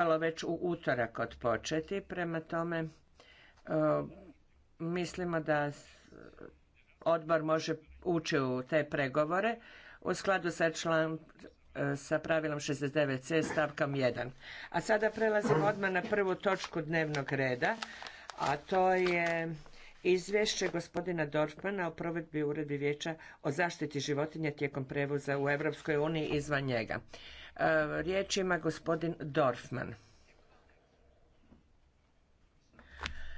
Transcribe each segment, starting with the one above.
trebalo već u utorak odpočeti, prema tome e, mislimo da odbor može ući u te pregovore u skladu sa članom e, sa pravilom 69c stavkom 1. A sada prelazimo odmah na prvu točku dnevnog reda, a to je izvješće gospodina Dorfmana o provedbi uredbi vijeća o zaštiti životinja tijekom prevoza u Europskoj uniji izvan njega. E, riječ ima gospodin Dorfman.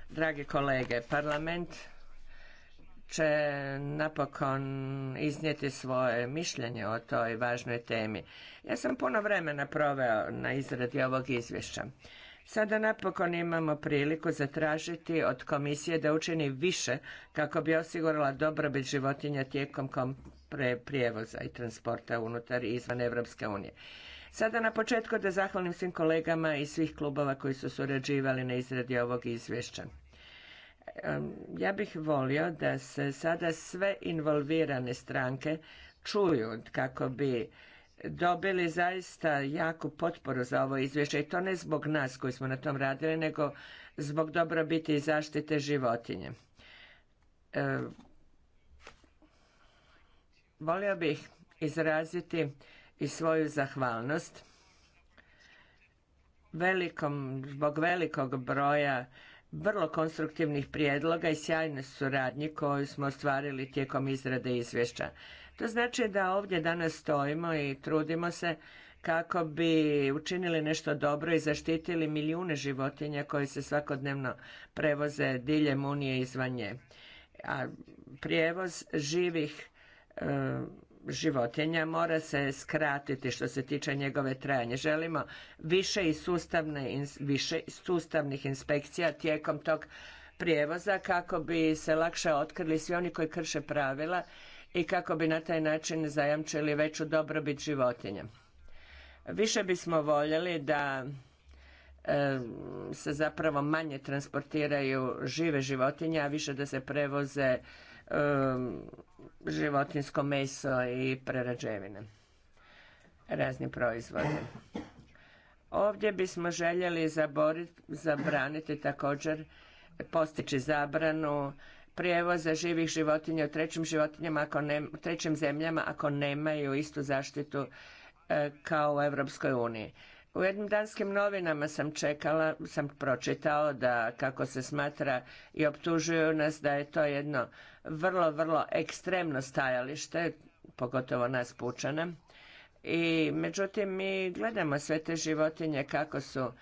Dragi kolege, parlament će napokon iznijeti svoje mišljenje o toj važnoj temi. Ja sam puno vremena proveo na izradi ovog izvješća. Sada napokon imamo priliku zatražiti od komisije da učini više kako bi osigurala dobrobit životinja tijekom prijevoza i transporta unutar i izvan Europske unije. Sada na početku da zahvalim svim kolegama iz svih klubova koji su surađivali na izradi ovog izvješća. Ja bih volio da se sada sve involvirane stranke čuju kako bi dobili zaista jaku potporu za ovo izvješće i to ne zbog nas koji smo na tom radili, nego zbog dobrobiti i zaštite životinje. volio bih izraziti i svoju zahvalnost velikom, zbog velikog broja vrlo konstruktivnih prijedloga i sjajne suradnje koju smo ostvarili tijekom izrade izvješća. To znači da ovdje danas stojimo i trudimo se kako bi učinili nešto dobro i zaštitili milijune životinja koje se svakodnevno prevoze diljem Unije izvan nje. A prijevoz živih e, životinja mora se skratiti što se tiče njegove trajanja. Želimo više i sustavne, više sustavnih inspekcija tijekom tog prijevoza kako bi se lakše otkrili svi oni koji krše pravila i kako bi na taj način zajamčili veću dobrobit životinja. Više bismo voljeli da se zapravo manje transportiraju žive životinje, a više da se prevoze Um, životinsko meso i prerađevine, razni proizvode. Ovdje bismo željeli zabraniti također postići zabranu prijevoza živih životinja u trećim životinjama ako trećim zemljama ako nemaju istu zaštitu e, kao u Europskoj uniji. U jednim danskim novinama sam čekala, sam pročitao da kako se smatra i optužuju nas da je to jedno vrlo, vrlo ekstremno stajalište, pogotovo nas pučana. I međutim mi gledamo sve te životinje kako su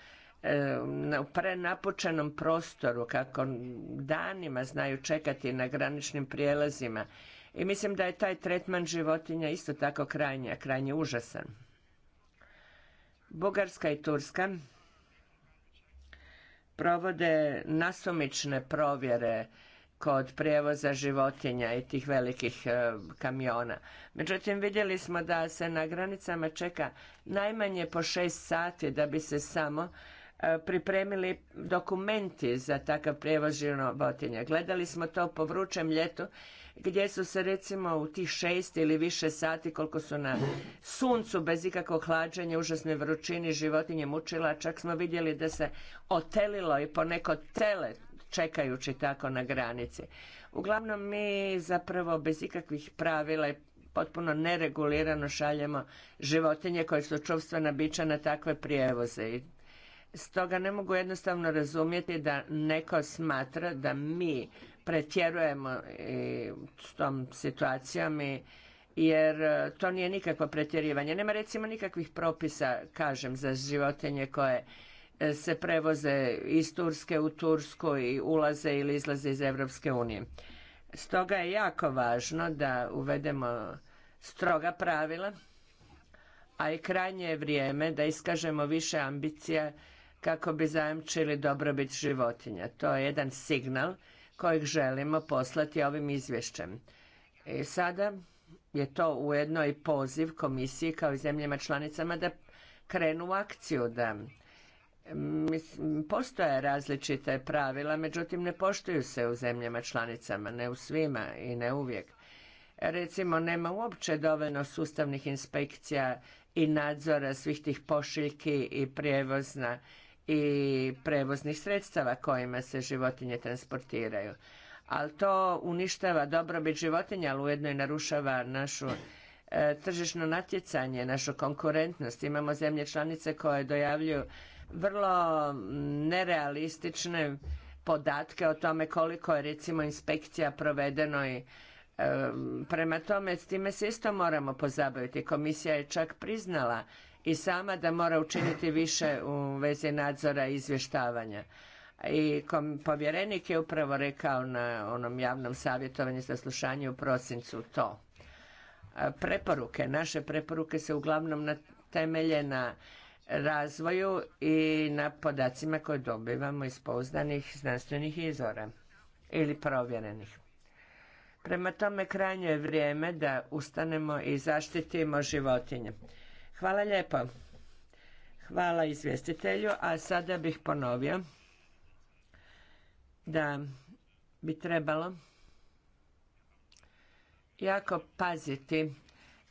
e, u prenapučenom prostoru, kako danima znaju čekati na graničnim prijelazima. I mislim da je taj tretman životinja isto tako krajnje, krajnje užasan. Bugarska i Turska provode nasumične provjere kod prijevoza životinja i tih velikih e, kamiona. Međutim, vidjeli smo da se na granicama čeka najmanje po šest sati da bi se samo e, pripremili dokumenti za takav prijevoz životinja. Gledali smo to po vrućem ljetu gdje su se recimo u tih šest ili više sati koliko su na suncu bez ikakvog hlađenja, užasne vrućini životinje mučila, čak smo vidjeli da se otelilo i poneko tele čekajući tako na granici. Uglavnom mi zapravo bez ikakvih pravila i potpuno neregulirano šaljemo životinje koje su čuvstvena bića na takve prijevoze i Stoga ne mogu jednostavno razumjeti da neko smatra da mi pretjerujemo e, s tom situacijom jer e, to nije nikakvo pretjerivanje. Nema recimo nikakvih propisa, kažem, za životinje koje e, se prevoze iz Turske u Tursku i ulaze ili izlaze iz Europske unije. Stoga je jako važno da uvedemo stroga pravila, a i krajnje je vrijeme da iskažemo više ambicija kako bi zajamčili dobrobit životinja. To je jedan signal kojeg želimo poslati ovim izvješćem. I e, sada je to ujedno i poziv komisiji kao i zemljama članicama da krenu u akciju, da postoje različite pravila, međutim ne poštuju se u zemljama članicama, ne u svima i ne uvijek. Recimo, nema uopće dovoljno sustavnih inspekcija i nadzora svih tih pošiljki i prijevozna i prevoznih sredstava kojima se životinje transportiraju. Ali to uništava dobrobit životinja, ali ujedno i narušava našu e, tržišno natjecanje, našu konkurentnost. Imamo zemlje članice koje dojavljuju vrlo nerealistične podatke o tome koliko je recimo inspekcija provedeno i e, prema tome s time se isto moramo pozabaviti. Komisija je čak priznala i sama da mora učiniti više u vezi nadzora i izvještavanja. I povjerenik je upravo rekao na onom javnom savjetovanju slušanje u prosincu to. E, preporuke, naše preporuke se uglavnom na temelje na razvoju i na podacima koje dobivamo iz pouzdanih znanstvenih izvora ili provjerenih. Prema tome krajnje je vrijeme da ustanemo i zaštitimo životinje. Hvala lijepo. Hvala izvjestitelju, a sada bih ponovio da bi trebalo jako paziti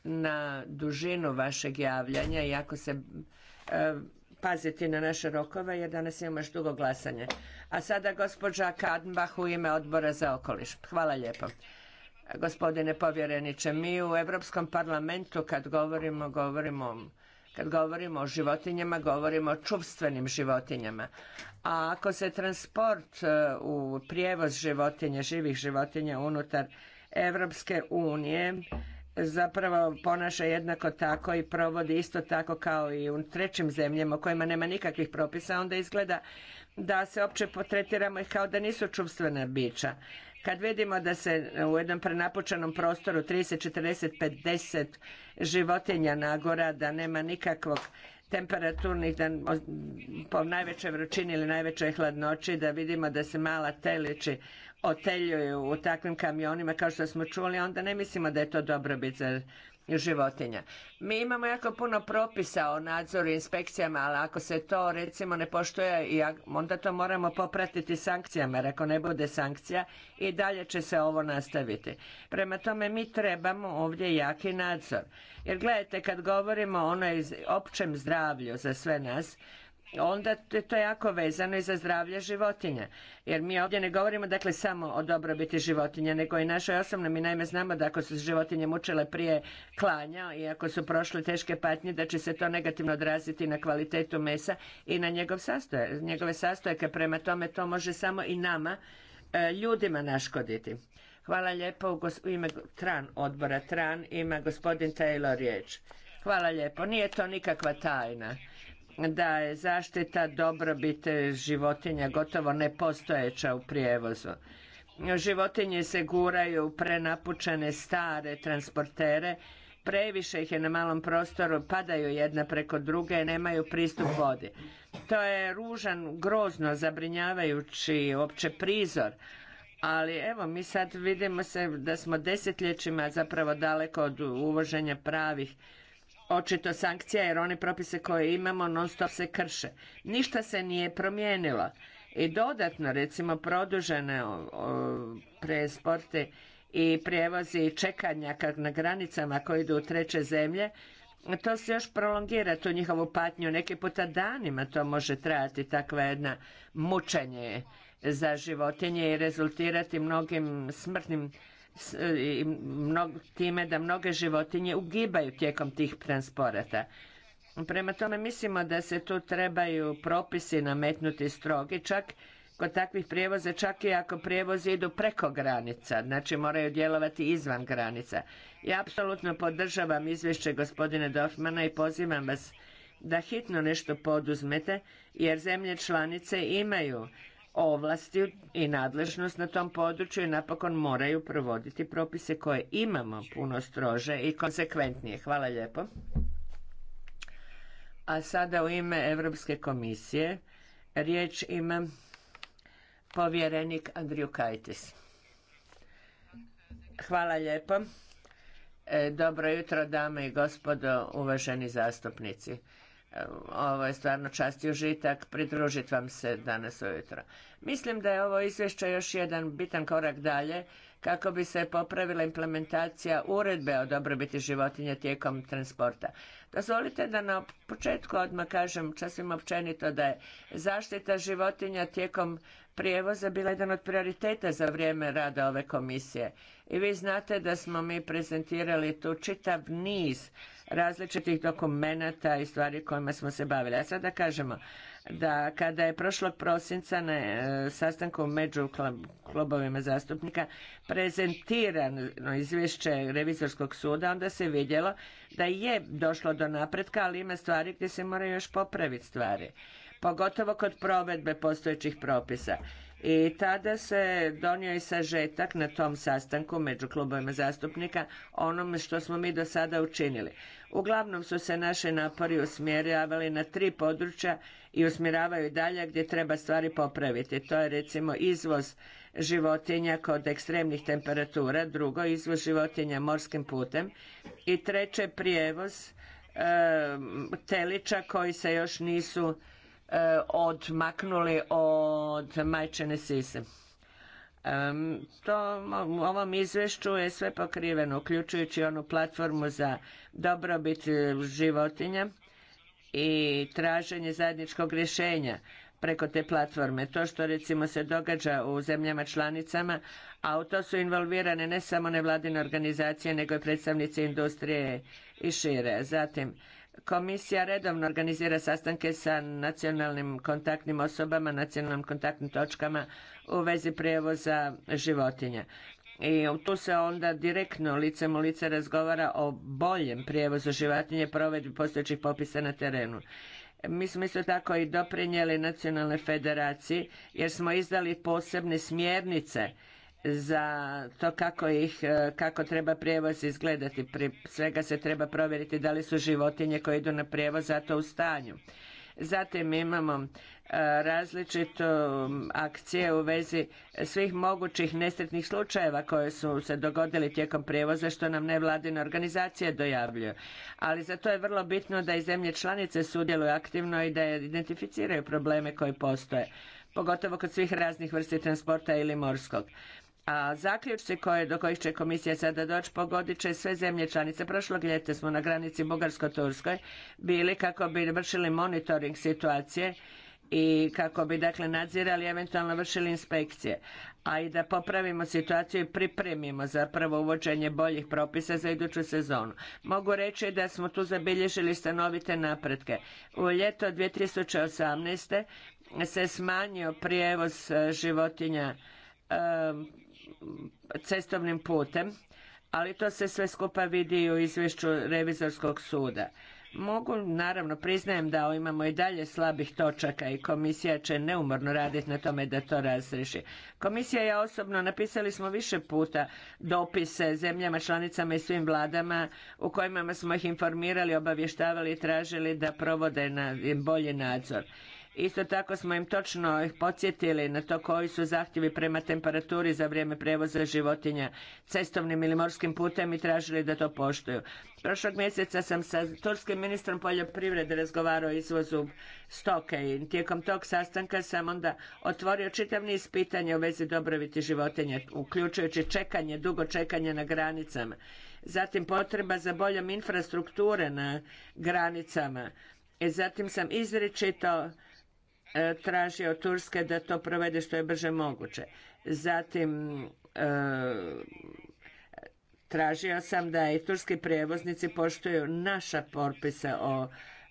na dužinu vašeg javljanja i jako se e, paziti na naše rokove jer danas imamo još dugo glasanje. A sada gospođa Kadmbah u ime odbora za okoliš. Hvala lijepo gospodine povjereniče. Mi u Europskom parlamentu kad govorimo, govorimo kad govorimo o životinjama, govorimo o čuvstvenim životinjama. A ako se transport e, u prijevoz životinja, živih životinja unutar Europske unije zapravo ponaša jednako tako i provodi isto tako kao i u trećim zemljama u kojima nema nikakvih propisa, onda izgleda da se opće potretiramo ih kao da nisu čuvstvena bića. Kad vidimo da se u jednom prenapučenom prostoru 30, 40, 50 životinja nagora, da nema nikakvog temperaturnih, po najvećoj vrućini ili najvećoj hladnoći, da vidimo da se mala telići oteljuju u takvim kamionima kao što smo čuli, onda ne mislimo da je to dobrobit za životinja. Mi imamo jako puno propisa o nadzoru i inspekcijama, ali ako se to recimo ne poštuje, onda to moramo popratiti sankcijama, jer ako ne bude sankcija i dalje će se ovo nastaviti. Prema tome mi trebamo ovdje jaki nadzor. Jer gledajte, kad govorimo o onoj općem zdravlju za sve nas, onda je to jako vezano i za zdravlje životinja. Jer mi ovdje ne govorimo dakle samo o dobrobiti životinja, nego i našoj osobnoj. Mi naime znamo da ako su životinje mučile prije klanja i ako su prošle teške patnje, da će se to negativno odraziti na kvalitetu mesa i na njegov njegove sastojke. Prema tome to može samo i nama, e, ljudima naškoditi. Hvala lijepo u ime Tran odbora. Tran ima gospodin Taylor riječ. Hvala lijepo. Nije to nikakva tajna da je zaštita dobrobit životinja gotovo nepostojeća u prijevozu. Životinje se guraju u prenapučene stare transportere, previše ih je na malom prostoru, padaju jedna preko druge, nemaju pristup vodi. To je ružan, grozno, zabrinjavajući uopće prizor, ali evo mi sad vidimo se da smo desetljećima zapravo daleko od uvoženja pravih očito sankcija jer one propise koje imamo non stop se krše. Ništa se nije promijenilo. I dodatno recimo produžene presporte i prijevozi i čekanja na granicama koji idu u treće zemlje, to se još prolongira tu njihovu patnju, neki puta danima to može trajati takva jedna mučenje za životinje i rezultirati mnogim smrtnim i time da mnoge životinje ugibaju tijekom tih transporata. Prema tome mislimo da se tu trebaju propisi nametnuti strogi, čak kod takvih prijevoza, čak i ako prijevozi idu preko granica, znači moraju djelovati izvan granica. Ja apsolutno podržavam izvješće gospodine Dorfmana i pozivam vas da hitno nešto poduzmete, jer zemlje članice imaju ovlasti i nadležnost na tom području i napokon moraju provoditi propise koje imamo puno strože i konsekventnije. Hvala lijepo. A sada u ime Europske komisije riječ ima povjerenik Andriju Kajtis. Hvala lijepo. E, dobro jutro, dame i gospodo, uvaženi zastupnici ovo je stvarno čast i užitak pridružiti vam se danas ujutro. Mislim da je ovo izvješće još jedan bitan korak dalje kako bi se popravila implementacija uredbe o dobrobiti životinja tijekom transporta. Dozvolite da na početku odmah kažem sasvim općenito da je zaštita životinja tijekom prijevoza bila jedan od prioriteta za vrijeme rada ove komisije. I vi znate da smo mi prezentirali tu čitav niz različitih dokumenata i stvari kojima smo se bavili. A sada kažemo da kada je prošlog prosinca na e, sastanku među klubovima zastupnika prezentirano izvješće revizorskog suda, onda se vidjelo da je došlo do napretka, ali ima stvari gdje se moraju još popraviti stvari. Pogotovo kod provedbe postojećih propisa. I tada se donio i sažetak na tom sastanku među klubovima zastupnika onome što smo mi do sada učinili. Uglavnom su se naše napori usmjeravali na tri područja i usmjeravaju dalje gdje treba stvari popraviti. To je recimo izvoz životinja kod ekstremnih temperatura, drugo izvoz životinja morskim putem i treće prijevoz telića koji se još nisu eh, odmaknuli od majčine sise. u ovom izvješću je sve pokriveno, uključujući onu platformu za dobrobit životinja i traženje zajedničkog rješenja preko te platforme. To što recimo se događa u zemljama članicama, a u to su involvirane ne samo nevladine organizacije, nego i predstavnice industrije i šire. Zatim, Komisija redovno organizira sastanke sa nacionalnim kontaktnim osobama, nacionalnim kontaktnim točkama u vezi prijevoza životinja. I tu se onda direktno licem u lice razgovara o boljem prijevozu životinje provedbi postojećih popisa na terenu. Mi smo isto tako i doprinijeli nacionalnoj federaciji jer smo izdali posebne smjernice za to kako ih, e, kako treba prijevoz izgledati. Prije svega se treba provjeriti da li su životinje koje idu na prijevoz za to u stanju. Zatim imamo e, različite akcije u vezi svih mogućih nesretnih slučajeva koje su se dogodili tijekom prijevoza što nam nevladine organizacije dojavljuju. Ali za to je vrlo bitno da i zemlje članice sudjeluju aktivno i da identificiraju probleme koji postoje pogotovo kod svih raznih vrsti transporta ili morskog. A zaključci koje, do kojih će komisija sada doći pogodit će sve zemlje članice. Prošlog ljeta smo na granici Bugarsko-Turskoj bili kako bi vršili monitoring situacije i kako bi dakle nadzirali eventualno vršili inspekcije a i da popravimo situaciju i pripremimo zapravo uvođenje boljih propisa za iduću sezonu. Mogu reći da smo tu zabilježili stanovite napretke. U ljeto 2018. se smanjio prijevoz e, životinja e, cestovnim putem, ali to se sve skupa vidi i u izvješću revizorskog suda. Mogu, naravno, priznajem da imamo i dalje slabih točaka i komisija će neumorno raditi na tome da to razriši. Komisija ja osobno napisali smo više puta dopise zemljama, članicama i svim vladama u kojima smo ih informirali, obavještavali i tražili da provode na bolji nadzor. Isto tako smo im točno ih podsjetili na to koji su zahtjevi prema temperaturi za vrijeme prevoza životinja cestovnim ili morskim putem i tražili da to poštuju. Prošlog mjeseca sam sa turskim ministrom poljoprivrede razgovarao o izvozu stoke i tijekom tog sastanka sam onda otvorio čitav niz pitanja u vezi dobrobiti životinja, uključujući čekanje, dugo čekanje na granicama. Zatim potreba za boljom infrastrukture na granicama. I e, zatim sam izričito E, traži od Turske da to provede što je brže moguće. Zatim e, tražio sam da i turski prijevoznici poštuju naša porpisa o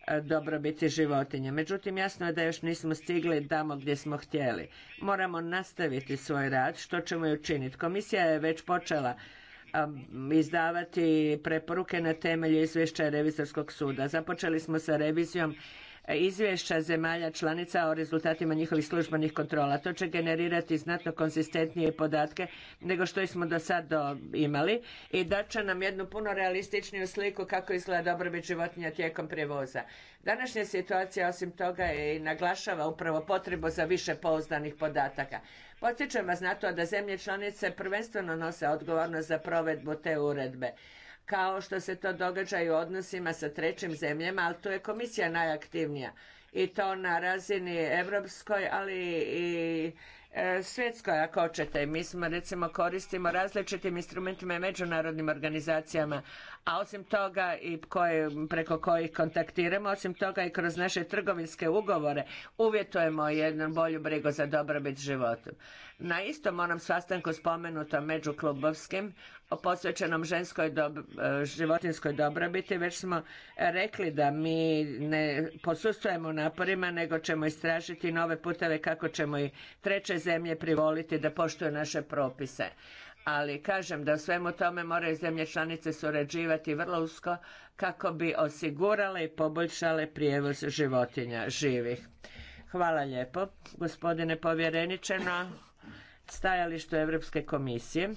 e, dobrobiti životinja. Međutim, jasno je da još nismo stigli tamo gdje smo htjeli. Moramo nastaviti svoj rad, što ćemo i učiniti. Komisija je već počela izdavati preporuke na temelju izvješća Revizorskog suda. Započeli smo sa revizijom izvješća zemalja članica o rezultatima njihovih službenih kontrola. To će generirati znatno konzistentnije podatke nego što smo do sada imali i dat će nam jednu puno realističniju sliku kako izgleda dobrobit životinja tijekom prijevoza. Današnja situacija osim toga je i naglašava upravo potrebu za više pouzdanih podataka. Podsjećam vas na to da zemlje članice prvenstveno nose odgovornost za provedbu te uredbe kao što se to događa i u odnosima sa trećim zemljama, ali tu je komisija najaktivnija i to na razini europskoj, ali i e, svjetskoj ako hoćete. Mi smo recimo koristimo različitim instrumentima i međunarodnim organizacijama a osim toga i preko kojih kontaktiramo, osim toga i kroz naše trgovinske ugovore uvjetujemo jednu bolju brigu za dobrobit života. Na istom onom sastanku spomenutom među klubovskim o posvećenom ženskoj e, životinskoj dobrobiti već smo rekli da mi ne posustujemo naporima nego ćemo istražiti nove puteve kako ćemo i treće zemlje privoliti da poštuju naše propise ali kažem da u svemu tome moraju zemlje članice surađivati vrlo usko kako bi osigurale i poboljšale prijevoz životinja živih. Hvala lijepo, gospodine povjereniče, na stajalištu Europske komisije.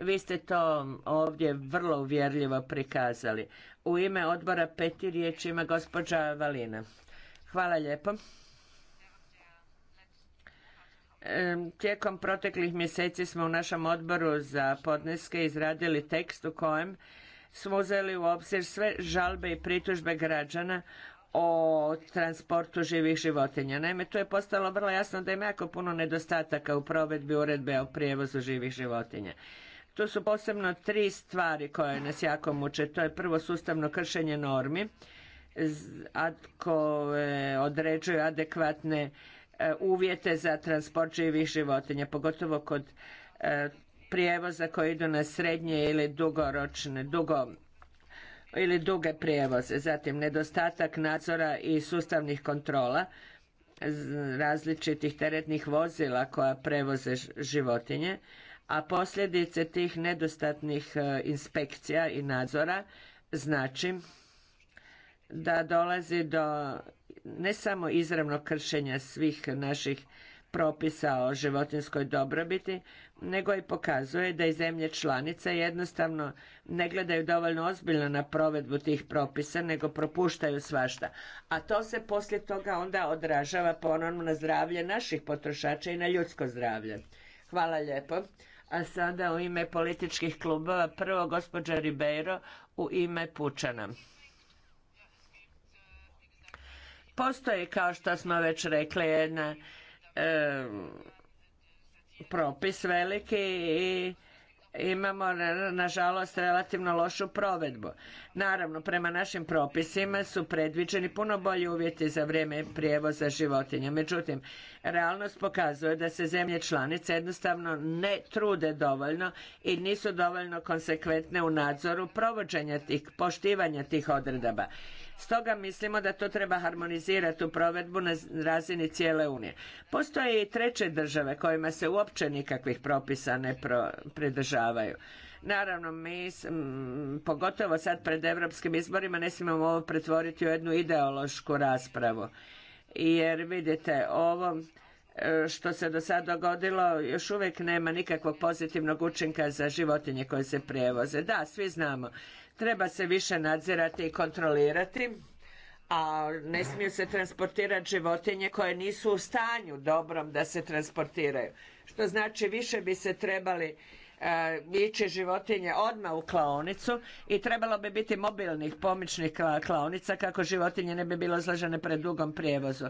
Vi ste to ovdje vrlo uvjerljivo prikazali. U ime odbora peti riječ ima gospođa Valina. Hvala lijepo. Tijekom proteklih mjeseci smo u našem odboru za podneske izradili tekst u kojem smo uzeli u obzir sve žalbe i pritužbe građana o transportu živih životinja. Naime, tu je postalo vrlo jasno da ima jako puno nedostataka u provedbi uredbe o prijevozu živih životinja. Tu su posebno tri stvari koje nas jako muče. To je prvo sustavno kršenje normi, koje određuju adekvatne E, uvjete za transport živih životinja, pogotovo kod e, prijevoza koji idu na srednje ili dugoročne, dugo ili duge prijevoze. Zatim nedostatak nadzora i sustavnih kontrola različitih teretnih vozila koja prevoze životinje, a posljedice tih nedostatnih e, inspekcija i nadzora znači da dolazi do ne samo izravno kršenja svih naših propisa o životinjskoj dobrobiti, nego i pokazuje da i zemlje članice jednostavno ne gledaju dovoljno ozbiljno na provedbu tih propisa, nego propuštaju svašta. A to se poslije toga onda odražava ponovno na zdravlje naših potrošača i na ljudsko zdravlje. Hvala lijepo. A sada u ime političkih klubova prvo gospođa Ribeiro u ime Pučana. Postoji, kao što smo već rekli, jedna propis veliki i imamo nažalost relativno lošu provedbu. Naravno, prema našim propisima su predviđeni puno bolji uvjeti za vrijeme prijevoza životinja. Međutim, realnost pokazuje da se zemlje članice jednostavno ne trude dovoljno i nisu dovoljno konsekventne u nadzoru provođenja tih, poštivanja tih odredaba. Stoga mislimo da to treba harmonizirati u provedbu na razini cijele Unije. Postoje i treće države kojima se uopće nikakvih propisa ne pridržavaju. Naravno, mi, pogotovo sad pred europskim izborima, ne smijemo ovo pretvoriti u jednu ideološku raspravu. Jer vidite, ovo što se do sada dogodilo još uvijek nema nikakvog pozitivnog učinka za životinje koje se prevoze. Da, svi znamo, treba se više nadzirati i kontrolirati, a ne smiju se transportirati životinje koje nisu u stanju dobrom da se transportiraju. Što znači više bi se trebali E, ići životinje odmah u klaonicu i trebalo bi biti mobilnih pomičnih klaonica kako životinje ne bi bilo izložene dugom prijevozu.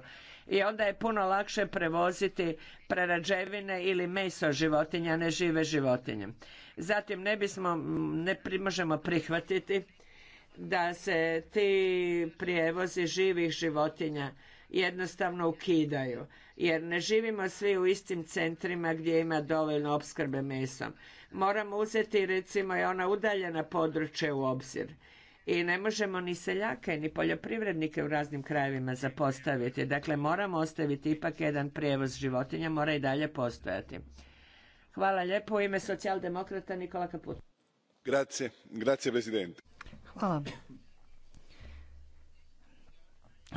I onda je puno lakše prevoziti prerađevine ili meso životinja, ne žive životinje. Zatim ne bismo, ne možemo prihvatiti da se ti prijevozi živih životinja jednostavno ukidaju jer ne živimo svi u istim centrima gdje ima dovoljno opskrbe mesom moramo uzeti recimo i ona udaljena područja u obzir. I ne možemo ni seljake, ni poljoprivrednike u raznim krajevima zapostaviti. Dakle, moramo ostaviti ipak jedan prijevoz životinja, mora i dalje postojati. Hvala lijepo. U ime socijaldemokrata Nikola Kaput. Grazie, grazie presidente. Hvala.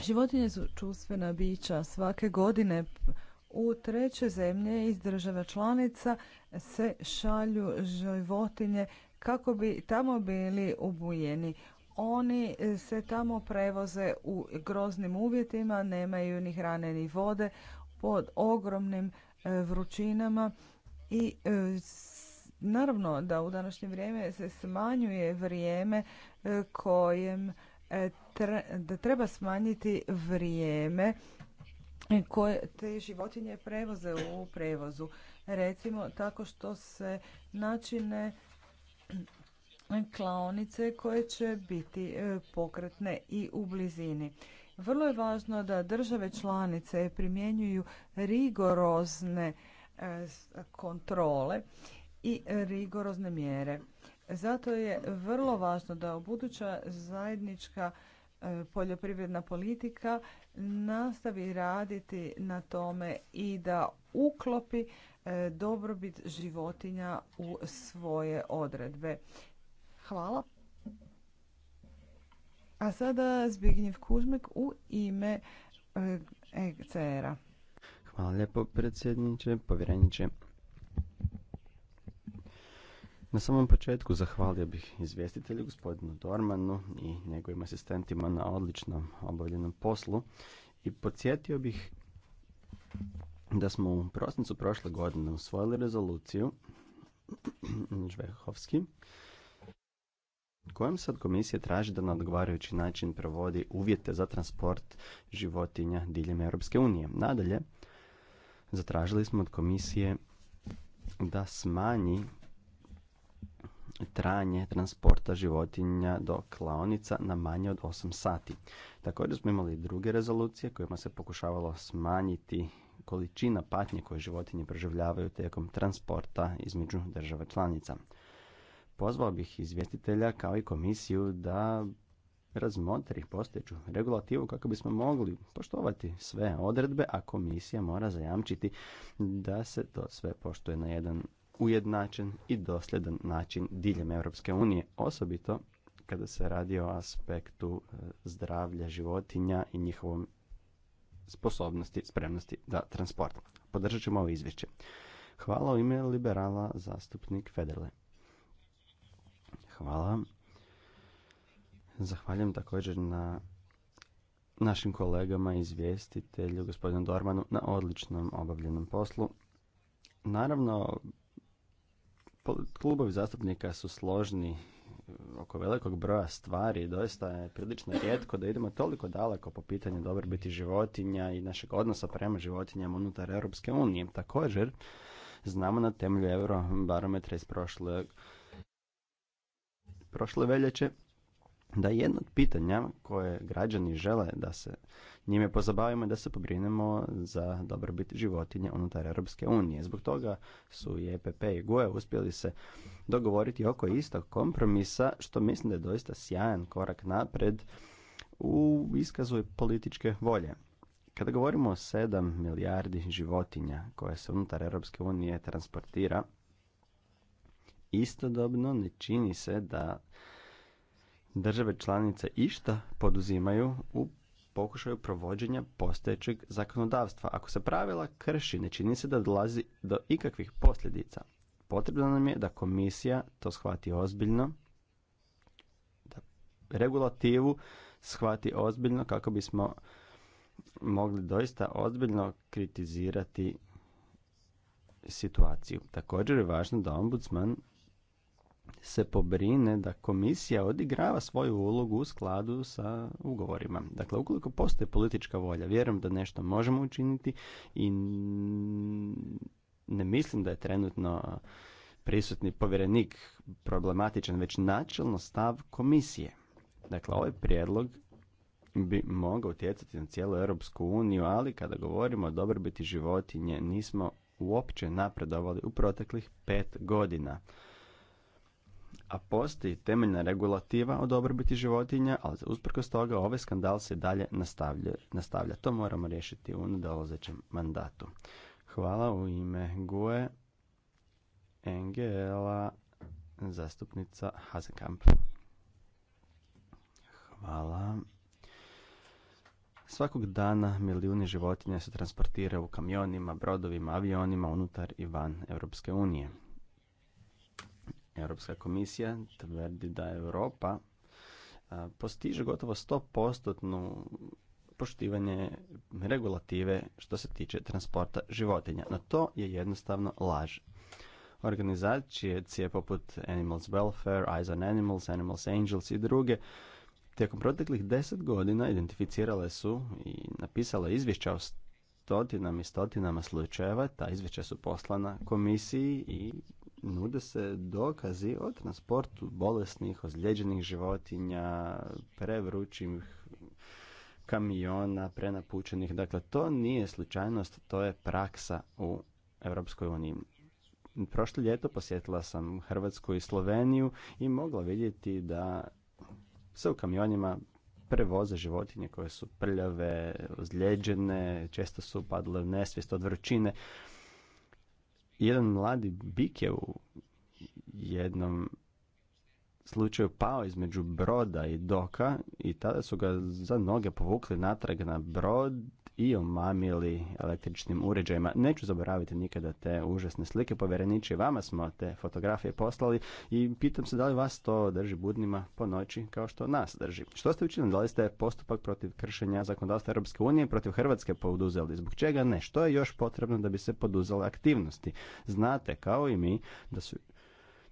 Životinje su čustvena bića. Svake godine u treće zemlje iz država članica se šalju životinje kako bi tamo bili ubujeni. Oni se tamo prevoze u groznim uvjetima, nemaju ni hrane ni vode, pod ogromnim e, vrućinama i e, naravno da u današnje vrijeme se smanjuje vrijeme e, kojem da treba smanjiti vrijeme koje te životinje prevoze u prevozu. Recimo tako što se načine klaonice koje će biti e, pokretne i u blizini. Vrlo je važno da države članice primjenjuju rigorozne e, kontrole i rigorozne mjere. Zato je vrlo važno da u buduća zajednička poljoprivredna politika nastavi raditi na tome i da uklopi e, dobrobit životinja u svoje odredbe. Hvala. A sada Zbignjev Kužmek u ime ECR-a. Hvala lijepo predsjedniče, povjereniče. Na samom početku zahvalio bih izvjestitelju gospodinu Dormanu i njegovim asistentima na odličnom obavljenom poslu i podsjetio bih da smo u prosincu prošle godine usvojili rezoluciju Žvehovski kojom se od komisije traži da na odgovarajući način provodi uvjete za transport životinja diljem Europske unije. Nadalje, zatražili smo od komisije da smanji trajanje transporta životinja do klaonica na manje od 8 sati. Također smo imali druge rezolucije kojima se pokušavalo smanjiti količina patnje koje životinje proživljavaju tijekom transporta između država članica. Pozvao bih izvjestitelja kao i komisiju da razmotri postojeću regulativu kako bismo mogli poštovati sve odredbe, a komisija mora zajamčiti da se to sve poštuje na jedan ujednačen i dosljedan način diljem Europske unije, osobito kada se radi o aspektu e, zdravlja životinja i njihovom sposobnosti, spremnosti da transport. Podržat ćemo ovo izvješće. Hvala u ime liberala zastupnik Federle. Hvala. Zahvaljujem također na našim kolegama izvjestitelju gospodinu Dormanu na odličnom obavljenom poslu. Naravno, klubovi zastupnika su složni e, oko velikog broja stvari. Doista je prilično rijetko da idemo toliko daleko po pitanju dobrobiti životinja i našeg odnosa prema životinjama unutar Europske unije. Također, znamo na temelju eurobarometra iz prošle, prošle veljače da jedno od pitanja koje građani žele da se njime pozabavimo i da se pobrinemo za dobrobit životinja unutar Europske unije. Zbog toga su i EPP i GUE uspjeli se dogovoriti oko istog kompromisa, što mislim da je doista sjajan korak napred u iskazu političke volje. Kada govorimo o 7 milijardi životinja koje se unutar Europske unije transportira, istodobno ne čini se da države članice išta poduzimaju u pokušaju provođenja postojećeg zakonodavstva. Ako se pravila krši, ne čini se da dolazi do ikakvih posljedica. Potrebno nam je da komisija to shvati ozbiljno, da regulativu shvati ozbiljno kako bismo mogli doista ozbiljno kritizirati situaciju. Također je važno da ombudsman se pobrine da komisija odigrava svoju ulogu u skladu sa ugovorima. Dakle, ukoliko postoji politička volja, vjerujem da nešto možemo učiniti i ne mislim da je trenutno prisutni povjerenik problematičan, već načelno stav komisije. Dakle, ovaj prijedlog bi mogao utjecati na cijelu Europsku uniju, ali kada govorimo o dobrobiti životinje, nismo uopće napredovali u proteklih pet godina a postoji temeljna regulativa o dobrobiti životinja, ali usprkos toga ovaj skandal se dalje nastavlja. To moramo riješiti u nadolazećem mandatu. Hvala u ime GUE Engela zastupnica Hazekamp. Hvala. Svakog dana milijuni životinja se transportira u kamionima, brodovima, avionima unutar i van Europske unije. Europska komisija tvrdi da Europa postiže gotovo 100% poštivanje regulative što se tiče transporta životinja. Na to je jednostavno laž. Organizacije poput Animals Welfare, Eyes on Animals, Animals Angels i druge tijekom proteklih deset godina identificirale su i napisale izvješća o stotinama i stotinama slučajeva. Ta izvješća su poslana komisiji i nude se dokazi o transportu bolesnih, ozlijeđenih životinja, prevrućih kamiona, prenapučenih. Dakle, to nije slučajnost, to je praksa u Europskoj uniji. Prošlo ljeto posjetila sam Hrvatsku i Sloveniju i mogla vidjeti da se u kamionima prevoze životinje koje su prljave, ozlijeđene, često su padale u nesvijest od vrućine jedan mladi bik je u jednom slučaju pao između broda i doka i tada su ga za noge povukli natrag na brod i omamili električnim uređajima. Neću zaboraviti nikada te užasne slike, povjereniče, vama smo te fotografije poslali i pitam se da li vas to drži budnima po noći kao što nas drži. Što ste učinili? Da li ste postupak protiv kršenja zakonodavstva Europske unije protiv Hrvatske poduzeli? Zbog čega ne? Što je još potrebno da bi se poduzele aktivnosti? Znate, kao i mi, da su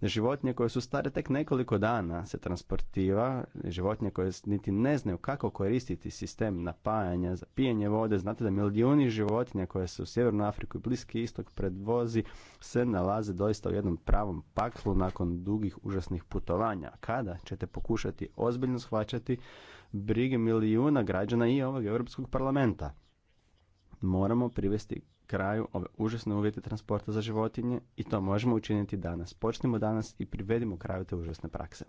Životinje koje su stare tek nekoliko dana se transportiva, životinje koje niti ne znaju kako koristiti sistem napajanja za pijenje vode. Znate da milijuni životinja koje se u Sjevernu Afriku i Bliski istok predvozi se nalaze doista u jednom pravom paklu nakon dugih užasnih putovanja. Kada ćete pokušati ozbiljno shvaćati brige milijuna građana i ovog Europskog parlamenta? Moramo privesti kraju ove užasne uvjete transporta za životinje i to možemo učiniti danas. Počnimo danas i privedimo kraju te užasne prakse.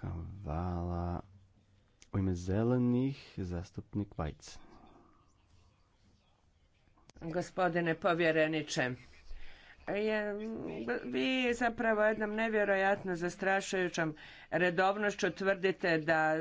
Hvala. U ime zelenih zastupnik Vajc. Gospodine povjereniče, je, vi zapravo jednom nevjerojatno zastrašujućom redovnošću tvrdite da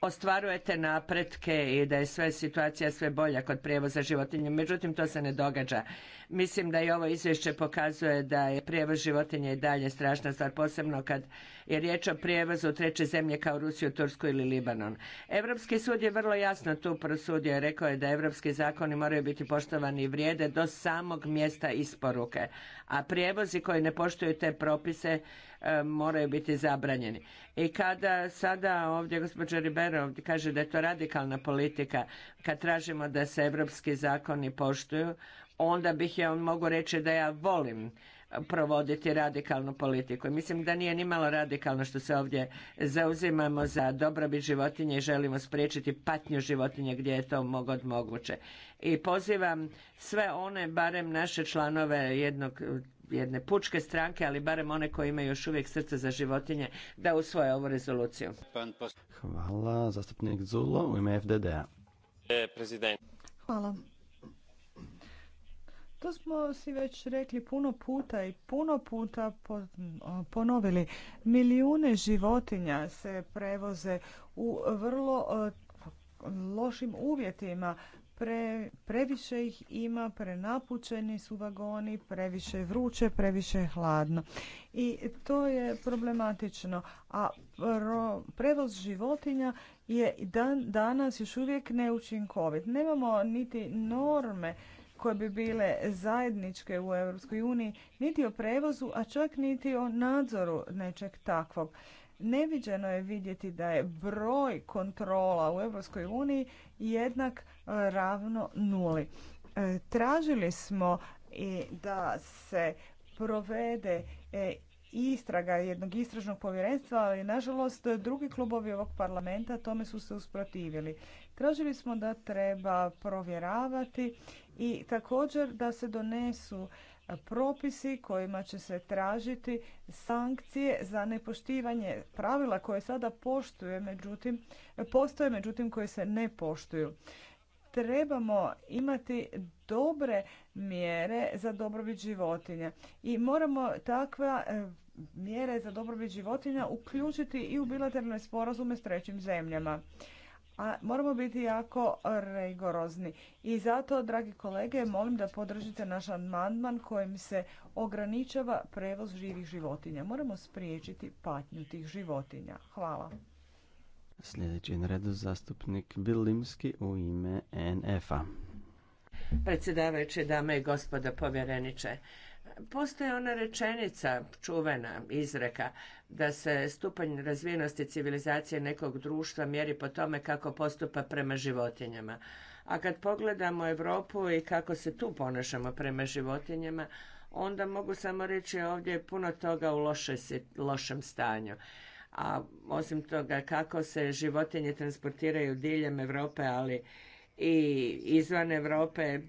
ostvarujete napretke i da je sve situacija sve bolja kod prijevoza životinja. Međutim, to se ne događa. Mislim da i ovo izvješće pokazuje da je prijevoz životinja i dalje strašna stvar, posebno kad je riječ o prijevozu treće zemlje kao Rusiju, Tursku ili Libanon. Europski sud je vrlo jasno tu prosudio i rekao je da europski zakoni moraju biti poštovani i vrijede do samog mjesta isporuke. A prijevozi koji ne poštuju te propise E, moraju biti zabranjeni. I kada sada ovdje gospođa Ribero kaže da je to radikalna politika kad tražimo da se europski zakoni poštuju, onda bih ja mogu reći da ja volim provoditi radikalnu politiku. Mislim da nije ni malo radikalno što se ovdje zauzimamo za dobrobit životinje i želimo spriječiti patnju životinje gdje je to moguće. I pozivam sve one, barem naše članove jednog jedne pučke stranke, ali barem one koje imaju još uvijek srce za životinje, da usvoje ovu rezoluciju. Hvala, zastupnik Zulo u ime FDD-a. Hvala. To smo si već rekli puno puta i puno puta ponovili. Milijune životinja se prevoze u vrlo lošim uvjetima Pre, previše ih ima, prenapučeni su vagoni, previše vruće, previše hladno. I to je problematično. A pro, prevoz životinja je dan, danas još uvijek neučinkovit. Nemamo niti norme koje bi bile zajedničke u Europskoj uniji, niti o prevozu, a čak niti o nadzoru nečeg takvog. Neviđeno je vidjeti da je broj kontrola u Europskoj uniji jednak ravno nuli. E, tražili smo i da se provede e, istraga jednog istražnog povjerenstva, ali nažalost drugi klubovi ovog parlamenta tome su se usprotivili. Tražili smo da treba provjeravati i također da se donesu propisi kojima će se tražiti sankcije za nepoštivanje pravila koje sada poštuje, postoje, međutim koje se ne poštuju trebamo imati dobre mjere za dobrobit životinja i moramo takve e, mjere za dobrobit životinja uključiti i u bilateralne sporazume s trećim zemljama. A moramo biti jako rigorozni. I zato, dragi kolege, molim da podržite naš amandman kojim se ograničava prevoz živih životinja. Moramo spriječiti patnju tih životinja. Hvala. Sljedeći na redu zastupnik Bilimski u ime NF-a. Predsjedavajući dame i gospodo povjereniče, postoje ona rečenica čuvena izreka da se stupanj razvijenosti civilizacije nekog društva mjeri po tome kako postupa prema životinjama. A kad pogledamo Europu i kako se tu ponašamo prema životinjama, onda mogu samo reći ovdje je puno toga u lošem stanju a osim toga kako se životinje transportiraju diljem Europe, ali i izvan Europe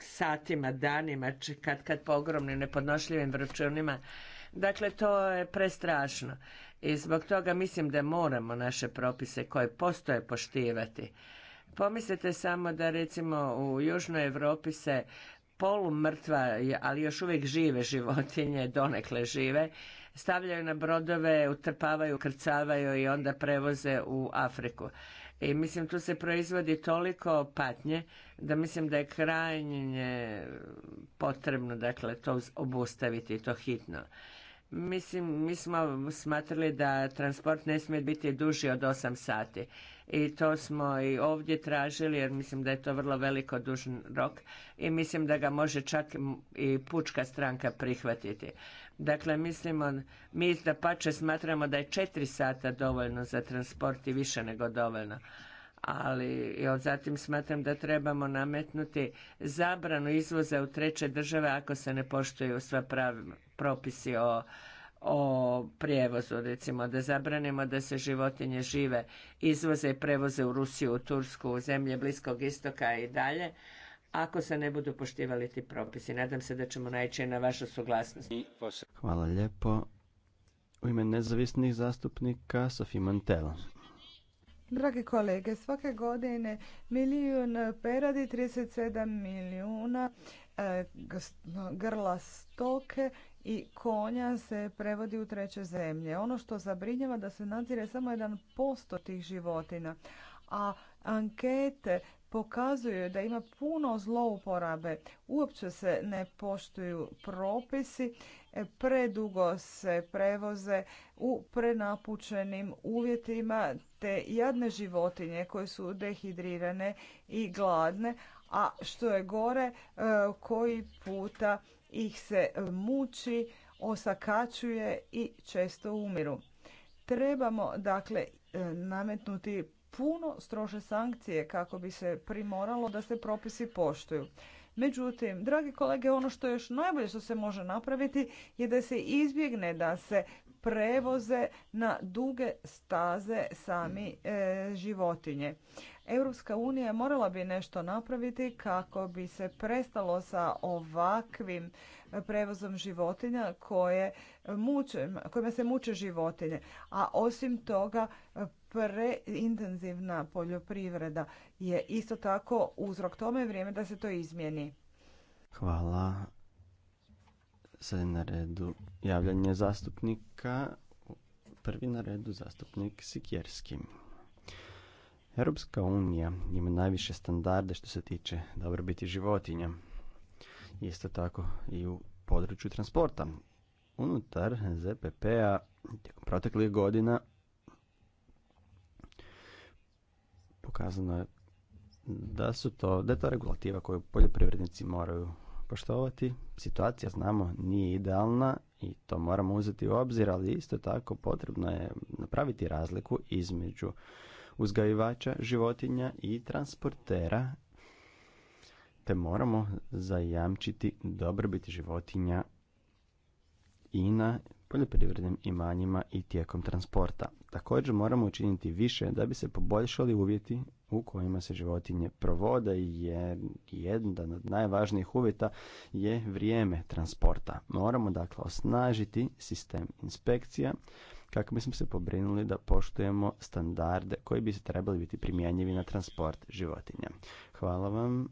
satima, danima, kad kad po ogromnim nepodnošljivim računima. Dakle, to je prestrašno. I zbog toga mislim da moramo naše propise koje postoje poštivati. Pomislite samo da recimo u Južnoj Europi se polumrtva, ali još uvijek žive životinje, donekle žive, stavljaju na brodove, utrpavaju, krcavaju i onda prevoze u Afriku. I mislim tu se proizvodi toliko patnje da mislim da je krajnje potrebno dakle to obustaviti to hitno. Mislim, mi smo smatrali da transport ne smije biti duži od 8 sati. I to smo i ovdje tražili jer mislim da je to vrlo veliko dužan rok i mislim da ga može čak i pučka stranka prihvatiti. Dakle, mislimo, mi da pače smatramo da je 4 sata dovoljno za transport i više nego dovoljno ali zatim smatram da trebamo nametnuti zabranu izvoza u treće države ako se ne poštuju sva pravila propisi o o prijevozu, recimo da zabranimo da se životinje žive izvoze i prevoze u Rusiju, u Tursku, u zemlje Bliskog istoka i dalje, ako se ne budu poštivali ti propisi. Nadam se da ćemo naići na vašu suglasnost. Hvala lijepo. U ime nezavisnih zastupnika Sofi Mantelo. Dragi kolege, svake godine milijun peradi, 37 milijuna e, grla stoke i konja se prevodi u treće zemlje. Ono što zabrinjava da se nadzire samo jedan posto tih životina, a ankete pokazuju da ima puno zlouporabe. Uopće se ne poštuju propisi, e, predugo se prevoze u prenapučenim uvjetima te jadne životinje koje su dehidrirane i gladne, a što je gore e, koji puta ih se muči, osakačuje i često umiru. Trebamo dakle e, nametnuti puno strože sankcije kako bi se primoralo da se propisi poštuju. Međutim, dragi kolege, ono što je još najbolje što se može napraviti je da se izbjegne da se prevoze na duge staze sami e, životinje. Europska unija morala bi nešto napraviti kako bi se prestalo sa ovakvim prevozom životinja koje muče, kojima se muče životinje. A osim toga, preintenzivna poljoprivreda je isto tako uzrok tome vrijeme da se to izmijeni. Hvala. je na redu javljanje zastupnika. Prvi na redu zastupnik Sikjerski. Europska unija ima najviše standarde što se tiče dobrobiti životinja. Isto tako i u području transporta. Unutar ZPP-a tijekom proteklih godina pokazano je da su to, da je to regulativa koju poljoprivrednici moraju poštovati. Situacija, znamo, nije idealna i to moramo uzeti u obzir, ali isto tako potrebno je napraviti razliku između uzgajivača životinja i transportera, te moramo zajamčiti dobrobit životinja i na poljoprivrednim imanjima i tijekom transporta. Također moramo učiniti više da bi se poboljšali uvjeti u kojima se životinje provode jer jedan od najvažnijih uvjeta je vrijeme transporta. Moramo dakle osnažiti sistem inspekcija kako bismo se pobrinuli da poštujemo standarde koji bi se trebali biti primjenjivi na transport životinja. Hvala vam.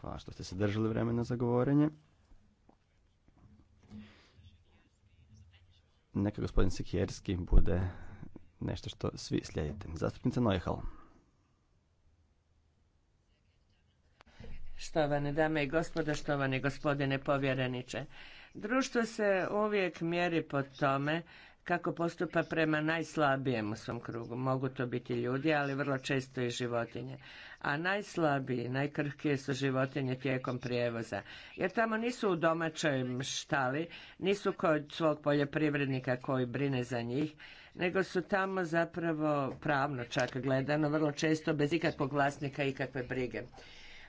Hvala što ste se držali vremena za govorenje. Neka gospodin Sikjerski bude nešto što svi slijedite. Zastupnica Nojhal. Štovane dame i gospodo, štovani gospodine povjereniče. Društvo se uvijek mjeri po tome kako postupa prema najslabijem u svom krugu. Mogu to biti ljudi, ali vrlo često i životinje. A najslabiji, najkrhkije su životinje tijekom prijevoza. Jer tamo nisu u domaćoj štali, nisu kod svog poljoprivrednika koji brine za njih, nego su tamo zapravo pravno čak gledano, vrlo često bez ikakvog vlasnika i ikakve brige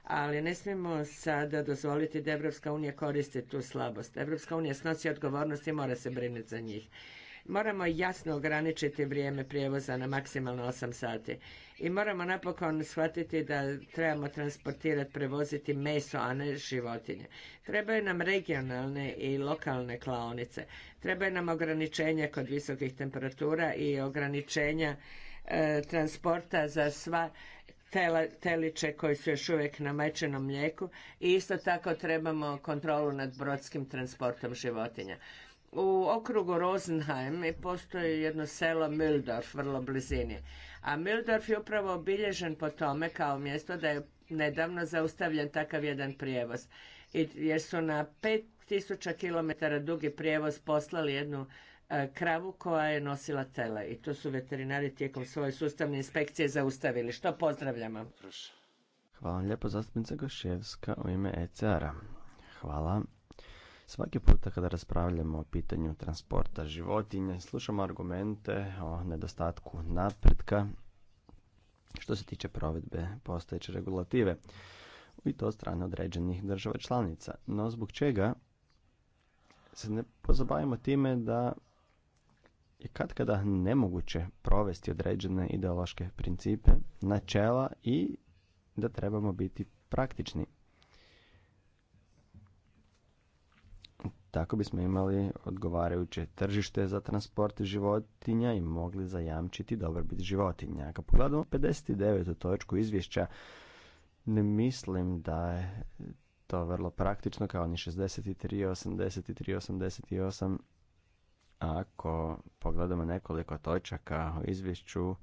ali ne smijemo sada dozvoliti da Evropska unija koristi tu slabost. Evropska unija snosi odgovornost i mora se brinuti za njih. Moramo jasno ograničiti vrijeme prijevoza na maksimalno 8 sati i moramo napokon shvatiti da trebamo transportirati, prevoziti meso, a ne životinje. Trebaju nam regionalne i lokalne klaonice. Trebaju nam ograničenja kod visokih temperatura i ograničenja e, transporta za sva teliće koji su još uvijek na mečenom mlijeku i isto tako trebamo kontrolu nad brodskim transportom životinja. U okrugu Rosenheim postoji jedno selo Mildorf, vrlo blizini. A Mildorf je upravo obilježen po tome kao mjesto da je nedavno zaustavljen takav jedan prijevoz. I, jer su na 5000 km dugi prijevoz poslali jednu E, kravu koja je nosila tele i to su veterinari tijekom svoje sustavne inspekcije zaustavili, što pozdravljamo. Hvala vam lijepo zastupnica Goševska u ime ECR-a. Hvala. Svaki puta kada raspravljamo o pitanju transporta životinja, slušamo argumente o nedostatku napretka što se tiče provedbe postojeće regulative i to strane određenih država članica. No zbog čega se ne pozabavimo time da je kad kada nemoguće provesti određene ideološke principe, načela i da trebamo biti praktični. Tako bismo imali odgovarajuće tržište za transport životinja i mogli zajamčiti dobrobit životinja. Ako pogledamo 59. točku izvješća, ne mislim da je to vrlo praktično kao ni 63, 83, 88 ako pogledamo nekoliko točaka u izvješću,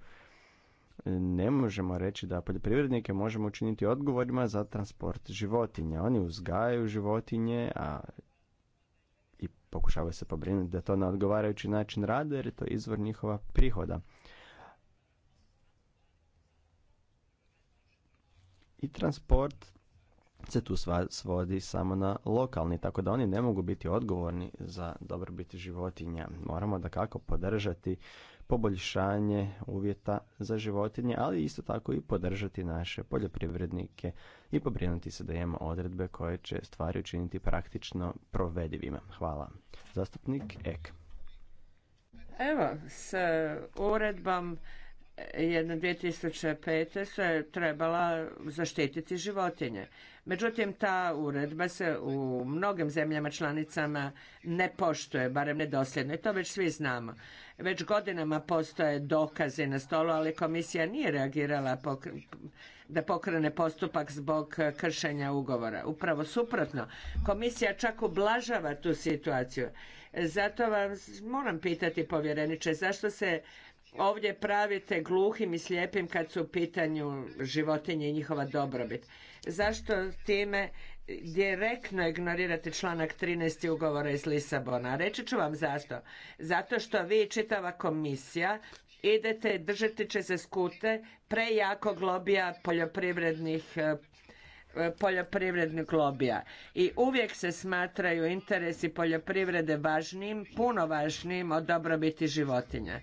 ne možemo reći da poljoprivrednike možemo učiniti odgovorima za transport životinja. Oni uzgajaju životinje, a i pokušavaju se pobrinuti da to na odgovarajući način rade jer je to izvor njihova prihoda. I transport se tu svodi samo na lokalni, tako da oni ne mogu biti odgovorni za dobrobit životinja. Moramo da kako podržati poboljšanje uvjeta za životinje, ali isto tako i podržati naše poljoprivrednike i pobrinuti se da imamo odredbe koje će stvari učiniti praktično provedivima. Hvala. Zastupnik Ek. Evo, s uredbom jedne 2005. se trebala zaštititi životinje. Međutim, ta uredba se u mnogim zemljama članicama ne poštuje, barem nedosljedno. I to već svi znamo. Već godinama postoje dokazi na stolu, ali komisija nije reagirala da pokrene postupak zbog kršenja ugovora. Upravo suprotno, komisija čak ublažava tu situaciju. Zato vam moram pitati, povjereniče, zašto se ovdje pravite gluhim i slijepim kad su u pitanju životinje i njihova dobrobit. Zašto time direktno ignorirate članak 13. ugovora iz Lisabona? Reći ću vam zašto. Zato što vi čitava komisija idete, držati će se skute prejakog lobija poljoprivrednih e, poljoprivrednih lobija. I uvijek se smatraju interesi poljoprivrede važnim puno važnijim od dobrobiti životinja.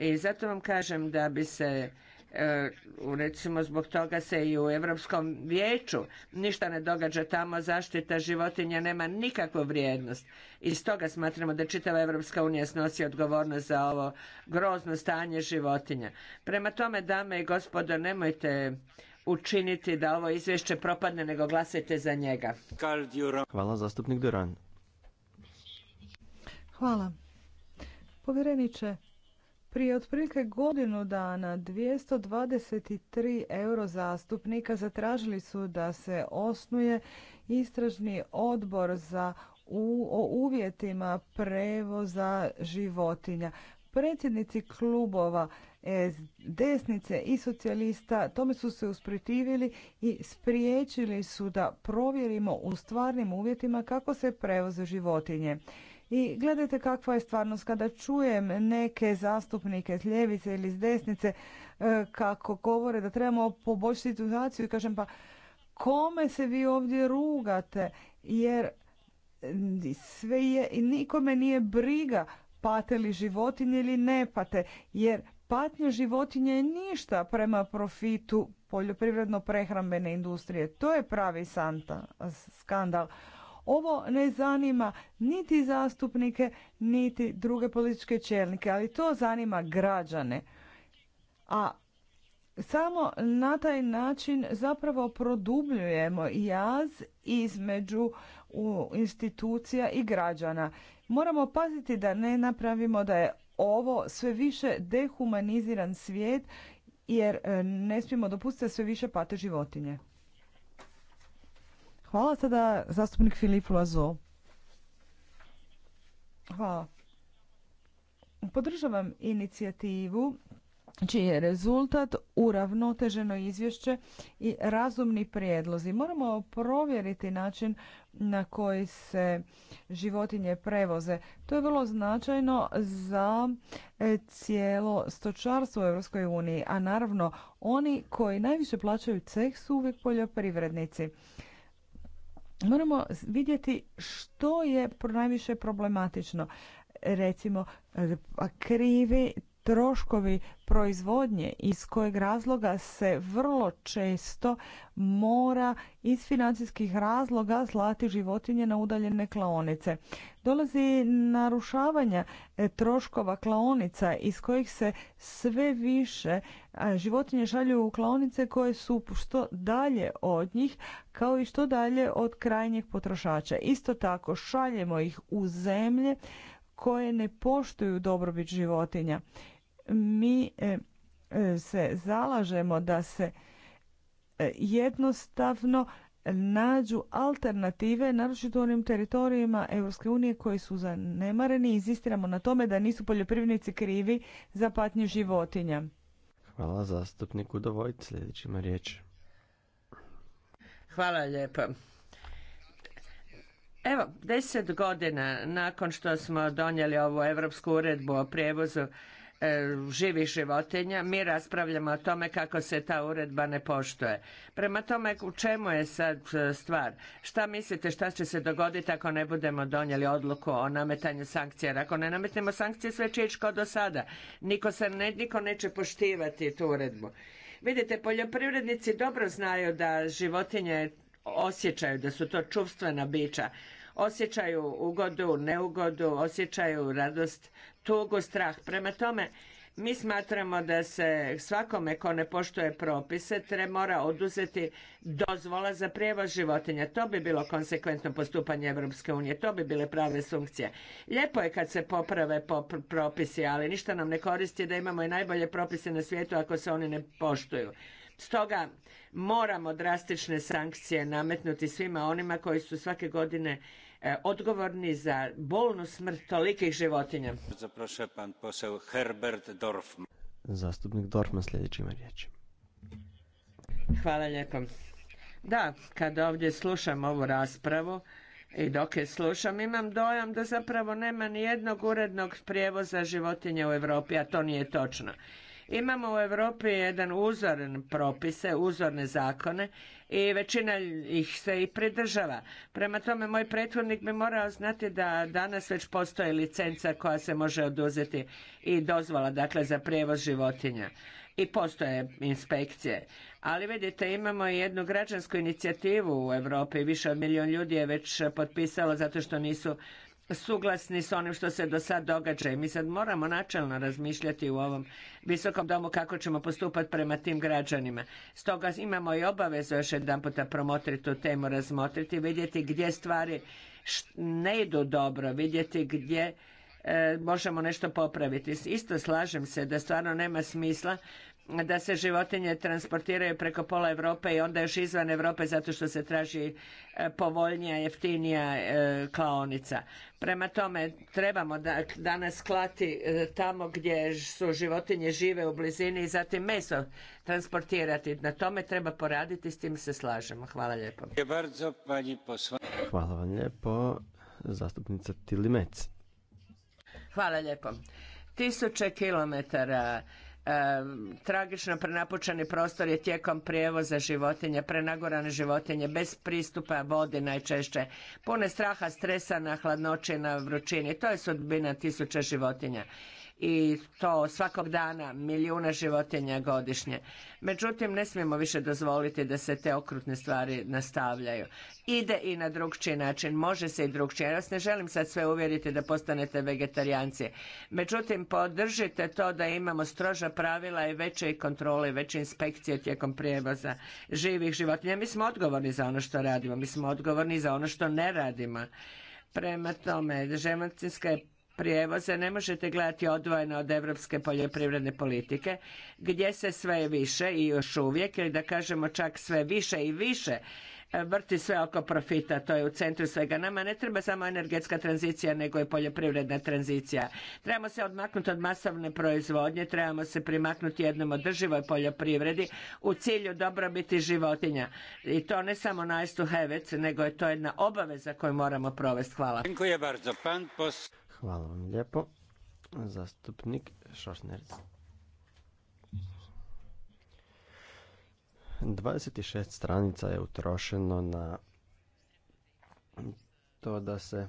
I zato vam kažem da bi se e, recimo zbog toga se i u Europskom vijeću ništa ne događa tamo, zaštita životinja nema nikakvu vrijednost. I stoga smatramo da čitava Europska unija snosi odgovornost za ovo grozno stanje životinja. Prema tome, dame i gospodo, nemojte učiniti da ovo izvješće propadne, nego glasajte za njega. Hvala, zastupnik Duran. Hvala. Povjereniče, prije otprilike godinu dana 223 euro zastupnika zatražili su da se osnuje istražni odbor za o uvjetima prevoza životinja. Predsjednici klubova e, desnice i socijalista tome su se usprotivili i spriječili su da provjerimo u stvarnim uvjetima kako se prevoze životinje. I gledajte kakva je stvarnost kada čujem neke zastupnike s ljevice ili s desnice e, kako govore da trebamo poboljšati situaciju i kažem pa kome se vi ovdje rugate jer e, sve je i nikome nije briga pate li životinje ili ne pate jer patnja životinje je ništa prema profitu poljoprivredno prehrambene industrije to je pravi santa skandal ovo ne zanima niti zastupnike, niti druge političke čelnike, ali to zanima građane. A samo na taj način zapravo produbljujemo jaz između institucija i građana. Moramo paziti da ne napravimo da je ovo sve više dehumaniziran svijet jer e, ne smijemo dopustiti sve više pate životinje. Hvala sada zastupnik Filip Lazo. Hvala. Podržavam inicijativu čiji je rezultat uravnoteženo izvješće i razumni prijedlozi. Moramo provjeriti način na koji se životinje prevoze. To je vrlo značajno za e, cijelo stočarstvo u EU. a naravno oni koji najviše plaćaju ceh su uvijek poljoprivrednici moramo vidjeti što je najviše problematično recimo krivi troškovi proizvodnje iz kojeg razloga se vrlo često mora iz financijskih razloga slati životinje na udaljene klaonice. Dolazi narušavanja e, troškova klaonica iz kojih se sve više životinje šalju u klaonice koje su što dalje od njih kao i što dalje od krajnjeg potrošača. Isto tako šaljemo ih u zemlje koje ne poštuju dobrobit životinja mi e, e, se zalažemo da se e, jednostavno nađu alternative, naročito u onim teritorijima Europske unije koji su zanemareni. i izistiramo na tome da nisu poljoprivrednici krivi za patnje životinja. Hvala zastupniku Dovojt, sljedećima riječ. Hvala lijepa. Evo, deset godina nakon što smo donijeli ovu Europsku uredbu o prijevozu E, živih životinja, mi raspravljamo o tome kako se ta uredba ne poštuje. Prema tome, u čemu je sad e, stvar? Šta mislite šta će se dogoditi ako ne budemo donijeli odluku o nametanju sankcija? ako ne nametnemo sankcije, sve će ići kao do sada. Niko, se niko neće poštivati tu uredbu. Vidite, poljoprivrednici dobro znaju da životinje osjećaju da su to čuvstvena bića osjećaju ugodu, neugodu, osjećaju radost, tugu, strah. Prema tome, mi smatramo da se svakome ko ne poštuje propise tre mora oduzeti dozvola za prijevoz životinja. To bi bilo konsekventno postupanje Evropske unije, to bi bile prave funkcije. Lijepo je kad se poprave propisi, ali ništa nam ne koristi da imamo i najbolje propise na svijetu ako se oni ne poštuju. Stoga moramo drastične sankcije nametnuti svima onima koji su svake godine E, odgovorni za bolnu smrt tolikih životinja. Zaproše pan Herbert Dorfman. Zastupnik Dorfman sljedeći ima riječ. Hvala lijepo. Da, kad ovdje slušam ovu raspravu, i dok je slušam imam dojam da zapravo nema ni jednog urednog prijevoza životinja u Europi, a to nije točno. Imamo u Europi jedan uzoran propise, uzorne zakone i većina ih se i pridržava. Prema tome, moj prethodnik bi morao znati da danas već postoji licenca koja se može oduzeti i dozvola dakle za prijevoz životinja i postoje inspekcije. Ali vidite, imamo i jednu građansku inicijativu u Europi, više od milijun ljudi je već potpisalo zato što nisu suglasni s onim što se do sad događa i mi sad moramo načelno razmišljati u ovom visokom domu kako ćemo postupati prema tim građanima. Stoga imamo i obavezu još jedan puta promotriti tu temu, razmotriti, vidjeti gdje stvari ne idu dobro, vidjeti gdje e, možemo nešto popraviti. Isto slažem se da stvarno nema smisla da se životinje transportiraju preko pola Europe i onda još izvan Europe zato što se traži e, povoljnija, jeftinija e, klaonica. Prema tome, trebamo da danas klati e, tamo gdje su životinje žive u blizini i zatim meso transportirati. Na tome treba poraditi, s tim se slažemo. Hvala lijepo. Hvala vam lijepo, zastupnica Tilimec. Hvala lijepo. Tisuće kilometara tragično prenapučeni prostor je tijekom prijevoza životinja, prenagorane životinje bez pristupa vodi najčešće, pune straha, stresa na hladnoći, na vrućini. To je sudbina tisuća životinja i to svakog dana milijuna životinja godišnje. Međutim, ne smijemo više dozvoliti da se te okrutne stvari nastavljaju. Ide i na drugčiji način, može se i drugčije. Ja vas ne želim sad sve uvjeriti da postanete vegetarijanci. Međutim, podržite to da imamo stroža pravila i veće kontrole veće inspekcije tijekom prijevoza živih životinja. Mi smo odgovorni za ono što radimo, mi smo odgovorni za ono što ne radimo. Prema tome, žemacinska je prijevoze ne možete gledati odvojeno od europske poljoprivredne politike gdje se sve više i još uvijek ili da kažemo čak sve više i više e, vrti sve oko profita, to je u centru svega. Nama ne treba samo energetska tranzicija, nego i poljoprivredna tranzicija. Trebamo se odmaknuti od masovne proizvodnje, trebamo se primaknuti jednom održivoj poljoprivredi u cilju dobrobiti životinja. I to ne samo nice to have nego je to jedna obaveza koju moramo provesti. Hvala. Hvala vam lijepo. Zastupnik Šošnerc. 26 stranica je utrošeno na to da se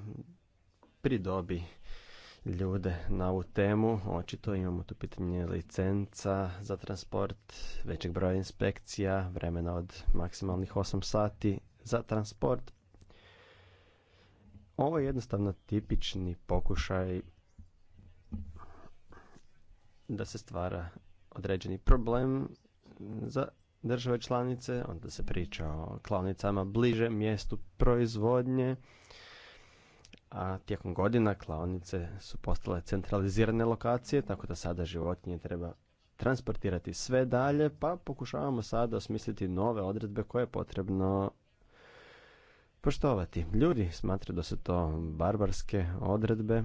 pridobi ljude na ovu temu. Očito imamo tu pitanje licenca za transport, većeg broja inspekcija, vremena od maksimalnih 8 sati za transport, ovo je jednostavno tipični pokušaj da se stvara određeni problem za države članice, onda se priča o klaonicama bliže mjestu proizvodnje, a tijekom godina klaonice su postale centralizirane lokacije, tako da sada životinje treba transportirati sve dalje, pa pokušavamo sada osmisliti nove odredbe koje je potrebno poštovati. Ljudi smatraju da su to barbarske odredbe,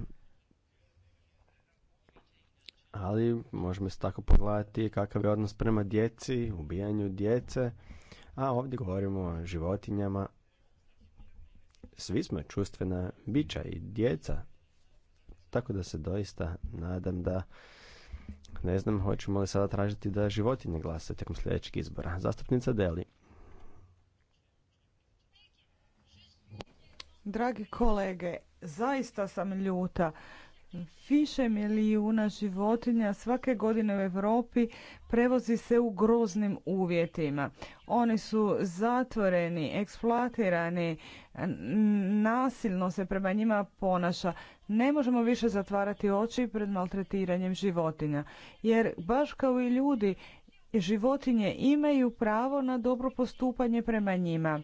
ali možemo se tako pogledati kakav je odnos prema djeci, ubijanju djece, a ovdje govorimo o životinjama. Svi smo čustvena bića i djeca, tako da se doista nadam da ne znam hoćemo li sada tražiti da životinje glase tijekom sljedećeg izbora. Zastupnica Deli. Dragi kolege, zaista sam ljuta. Više milijuna životinja svake godine u Europi prevozi se u groznim uvjetima. Oni su zatvoreni, eksploatirani, nasilno se prema njima ponaša. Ne možemo više zatvarati oči pred maltretiranjem životinja. Jer baš kao i ljudi, životinje imaju pravo na dobro postupanje prema njima.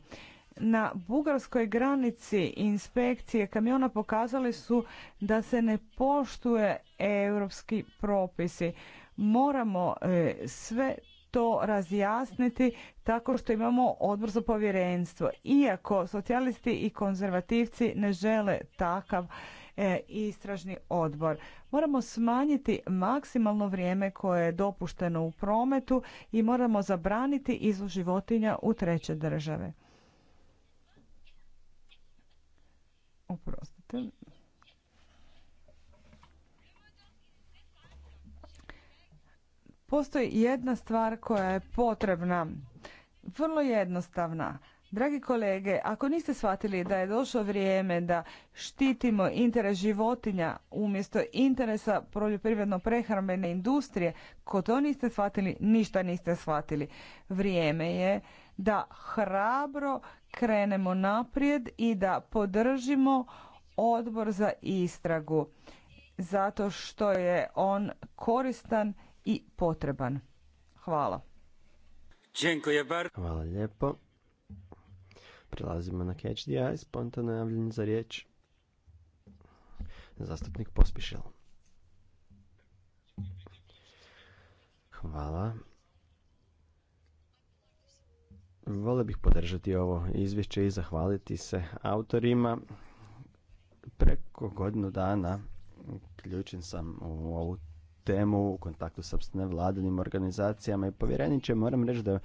Na bugarskoj granici inspekcije kamiona pokazali su da se ne poštuje europski propisi. Moramo e, sve to razjasniti tako što imamo odbor za povjerenstvo. Iako socijalisti i konzervativci ne žele takav e, istražni odbor. Moramo smanjiti maksimalno vrijeme koje je dopušteno u prometu i moramo zabraniti izvoz životinja u treće države. Oprostite. Postoji jedna stvar koja je potrebna. Vrlo jednostavna. Dragi kolege, ako niste shvatili da je došlo vrijeme da štitimo interes životinja umjesto interesa poljoprivredno prehrambene industrije, ko to niste shvatili, ništa niste shvatili. Vrijeme je da hrabro krenemo naprijed i da podržimo odbor za istragu zato što je on koristan i potreban. Hvala. Hvala lijepo. Prilazimo na Catch the Eye, spontano za riječ. Zastupnik Pospišil. Hvala. Vole bih podržati ovo izvješće i zahvaliti se autorima. Preko godinu dana ključen sam u ovu temu u kontaktu sa nevladinim organizacijama i povjereniče moram reći da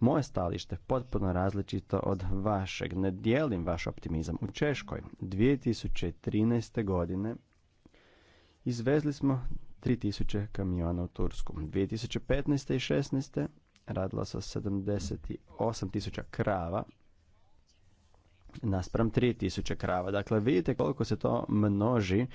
moje stalište potpuno različito od vašeg. Ne dijelim vaš optimizam. U Češkoj 2013. godine izvezli smo 3000 kamiona u Tursku. 2015. i 16 radilo se 78.000 krava naspram 3000 krava. Dakle, vidite koliko se to množi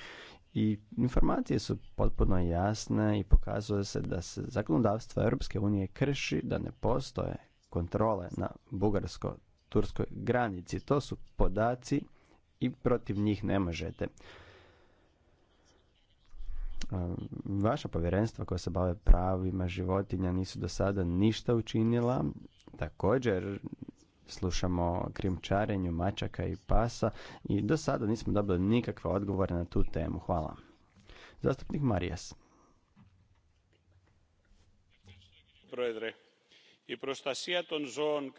i informacije su potpuno jasne i pokazuje se da se zakonodavstvo Europske unije krši, da ne postoje kontrole na bugarsko-turskoj granici. To su podaci i protiv njih ne možete. Vaša povjerenstva koja se bave pravima životinja nisu do sada ništa učinila. Također slušamo krimčarenju mačaka i pasa i do sada nismo dobili nikakve odgovore na tu temu. Hvala. Zastupnik Marijas. I zon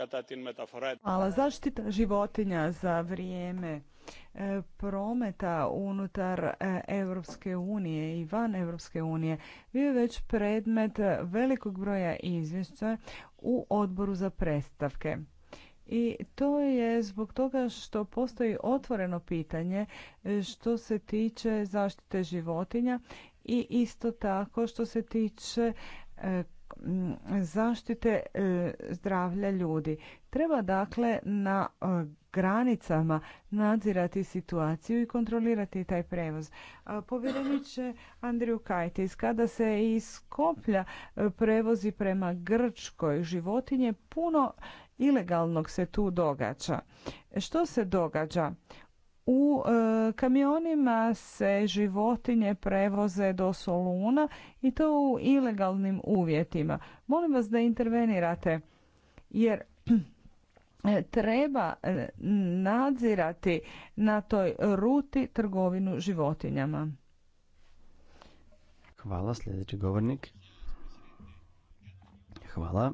metafora... Hvala. Zaštita životinja za vrijeme E, prometa unutar Europske unije i van Europske unije bio je već predmet velikog broja izvješća u odboru za predstavke. I to je zbog toga što postoji otvoreno pitanje e, što se tiče zaštite životinja i isto tako što se tiče e, zaštite e, zdravlja ljudi. Treba dakle na e, granicama nadzirati situaciju i kontrolirati taj prevoz. E, povjereniče Andriju Kajtis, kada se iz prevozi prema Grčkoj životinje, puno ilegalnog se tu događa. Što se događa? U e, kamionima se životinje prevoze do Soluna i to u ilegalnim uvjetima. Molim vas da intervenirate jer e, treba e, nadzirati na toj ruti trgovinu životinjama. Hvala, sljedeći govornik. Hvala.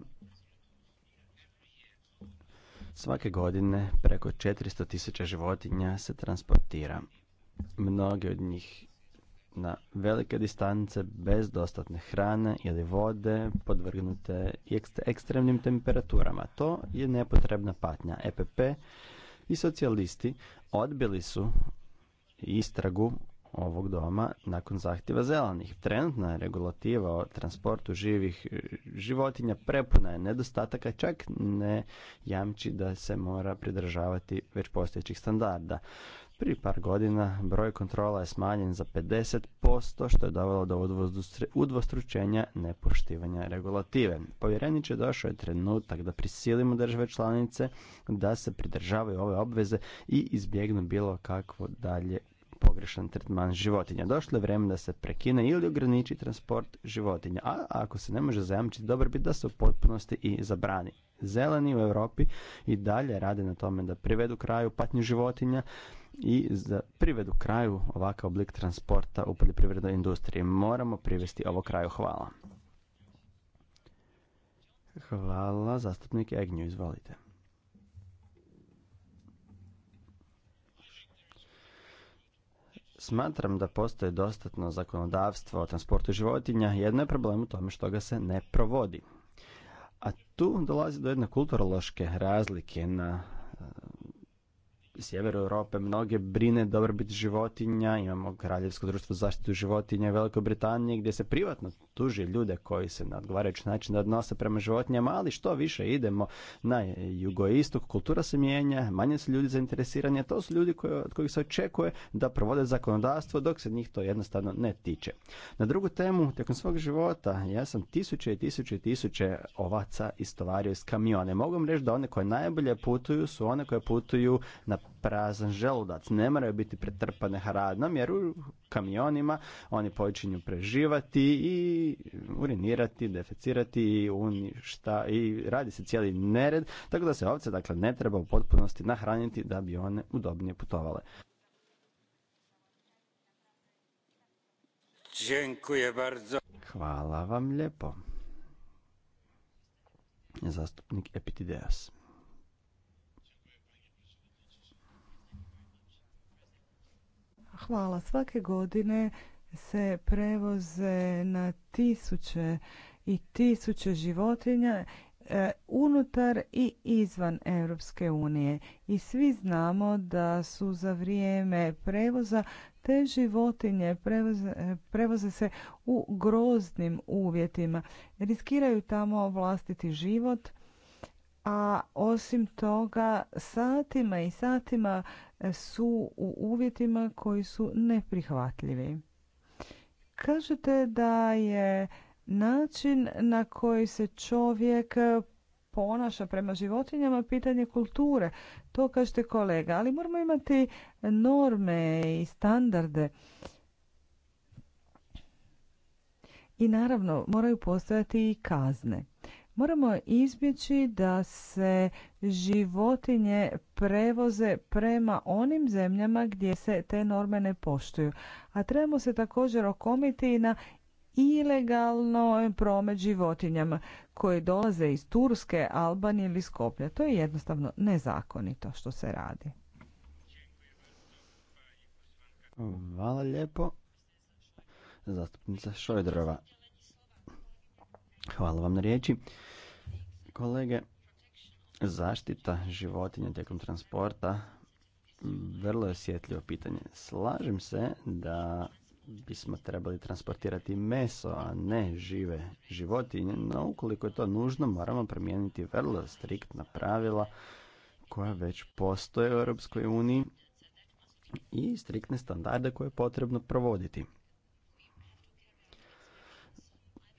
Svake godine preko 400 tisuća životinja se transportira. Mnoge od njih na velike distance bez dostatne hrane ili vode podvrgnute ekstremnim temperaturama. To je nepotrebna patnja. EPP i socijalisti odbili su istragu ovog doma nakon zahtjeva zelenih. Trenutna regulativa o transportu živih e, životinja prepuna je nedostataka, čak ne jamči da se mora pridržavati već postojećih standarda. Prije par godina broj kontrola je smanjen za 50%, što je dovelo do udvostručenja nepoštivanja regulative. je došao je trenutak da prisilimo države članice da se pridržavaju ove obveze i izbjegnu bilo kakvo dalje pogrešan tretman životinja. Došlo je vrijeme da se prekine ili ograniči transport životinja, a ako se ne može zajamčiti dobro bi da se u potpunosti i zabrani. Zeleni u Europi i dalje rade na tome da privedu kraju patnju životinja i da privedu kraju ovakav oblik transporta u poljoprivrednoj industriji. Moramo privesti ovo kraju. Hvala. Hvala, zastupnik Egnju, izvolite. Smatram da postoji dostatno zakonodavstvo o transportu životinja, jedno je problem u tome što ga se ne provodi. A tu dolazi do jedne kulturološke razlike na e, sjeveru Europe mnoge brine dobrobit životinja, imamo Kraljevsko društvo za zaštitu životinja u Velikoj Britaniji gdje se privatno optužuje ljude koji se na odgovarajući način odnose prema životinjama, ali što više idemo na jugoistok, kultura se mijenja, manje su ljudi zainteresirani, a to su ljudi koji, od kojih se očekuje da provode zakonodavstvo dok se njih to jednostavno ne tiče. Na drugu temu, tijekom svog života, ja sam tisuće i tisuće i tisuće ovaca istovario iz kamione. Mogu vam reći da one koje najbolje putuju su one koje putuju na prazan želudac. Ne moraju biti pretrpane hradnom jer u kamionima oni počinju preživati i urinirati, deficirati i uništa i radi se cijeli nered. Tako da se ovce dakle ne treba u potpunosti nahraniti da bi one udobnije putovale. Hvala vam lijepo. Zastupnik Epitideas. Hvala. Svake godine se prevoze na tisuće i tisuće životinja e, unutar i izvan Europske unije i svi znamo da su za vrijeme prevoza te životinje prevoze, prevoze se u groznim uvjetima riskiraju tamo vlastiti život a osim toga satima i satima su u uvjetima koji su neprihvatljivi. Kažete da je način na koji se čovjek ponaša prema životinjama pitanje kulture. To kažete kolega, ali moramo imati norme i standarde. I naravno, moraju postojati i kazne. Moramo izbjeći da se životinje prevoze prema onim zemljama gdje se te norme ne poštuju. A trebamo se također okomiti i na ilegalno promet životinjama koje dolaze iz Turske, Albanije ili Skoplja. To je jednostavno nezakonito što se radi. Hvala lijepo. Zastupnica Šojdrova. Hvala vam na riječi. Kolege, zaštita životinja tijekom transporta vrlo je osjetljivo pitanje. Slažem se da bismo trebali transportirati meso, a ne žive životinje, no ukoliko je to nužno moramo promijeniti vrlo striktna pravila koja već postoje u Europskoj uniji i striktne standarde koje je potrebno provoditi.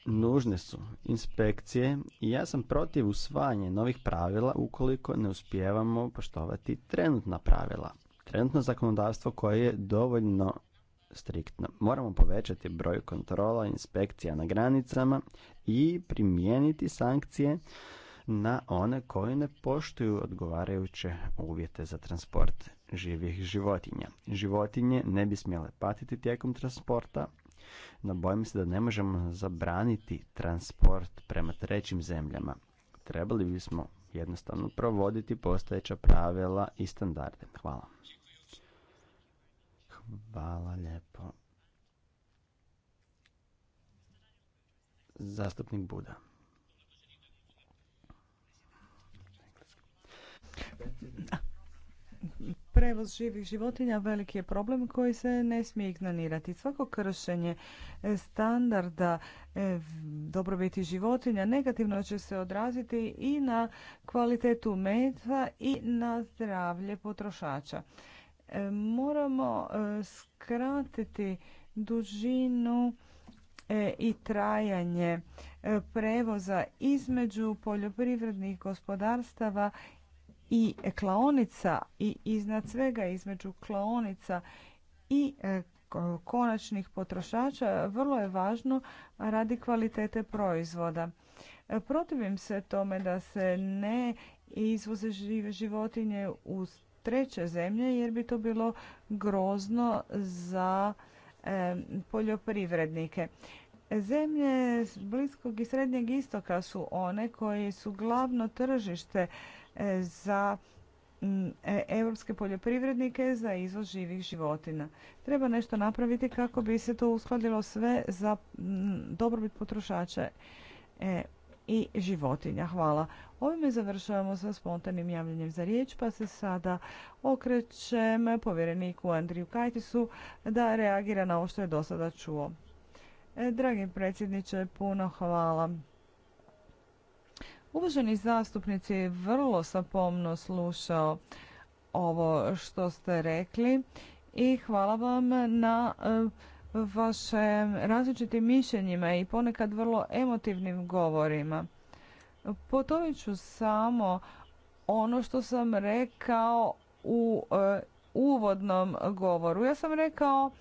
nužne su inspekcije i ja sam protiv usvajanja novih pravila ukoliko ne uspijevamo poštovati trenutna pravila. Trenutno zakonodavstvo koje je dovoljno striktno. Moramo povećati broj kontrola, inspekcija na granicama i primijeniti sankcije na one koji ne poštuju odgovarajuće uvjete za transport živih životinja. Životinje ne bi smjele patiti tijekom transporta, no bojim se da ne možemo zabraniti transport prema trećim zemljama. Trebali bismo jednostavno provoditi postojeća pravila i standarde. Hvala. Hvala lijepo. Zastupnik Buda. Da prevoz živih životinja veliki je problem koji se ne smije ignorirati. Svako kršenje e, standarda e, dobrobiti životinja negativno će se odraziti i na kvalitetu mesa i na zdravlje potrošača. E, moramo skratiti dužinu i trajanje prevoza između poljoprivrednih gospodarstava i klaonica i iznad svega između klaonica i e, konačnih potrošača vrlo je važno radi kvalitete proizvoda. E, protivim se tome da se ne izvoze životinje u treće zemlje jer bi to bilo grozno za e, poljoprivrednike. Zemlje Bliskog i Srednjeg istoka su one koje su glavno tržište za mm, e, europske poljoprivrednike za izvoz živih životinja. Treba nešto napraviti kako bi se to uskladilo sve za mm, dobrobit potrošača e, i životinja. Hvala. Ovime završavamo sa spontanim javljanjem za riječ, pa se sada okrećem povjereniku Andriju Kajtisu da reagira na ovo što je do sada čuo. E, dragi predsjedniče, puno hvala. Uvaženi zastupnici, vrlo sam pomno slušao ovo što ste rekli i hvala vam na e, vašem različitim mišljenjima i ponekad vrlo emotivnim govorima. Potovit ću samo ono što sam rekao u e, uvodnom govoru. Ja sam rekao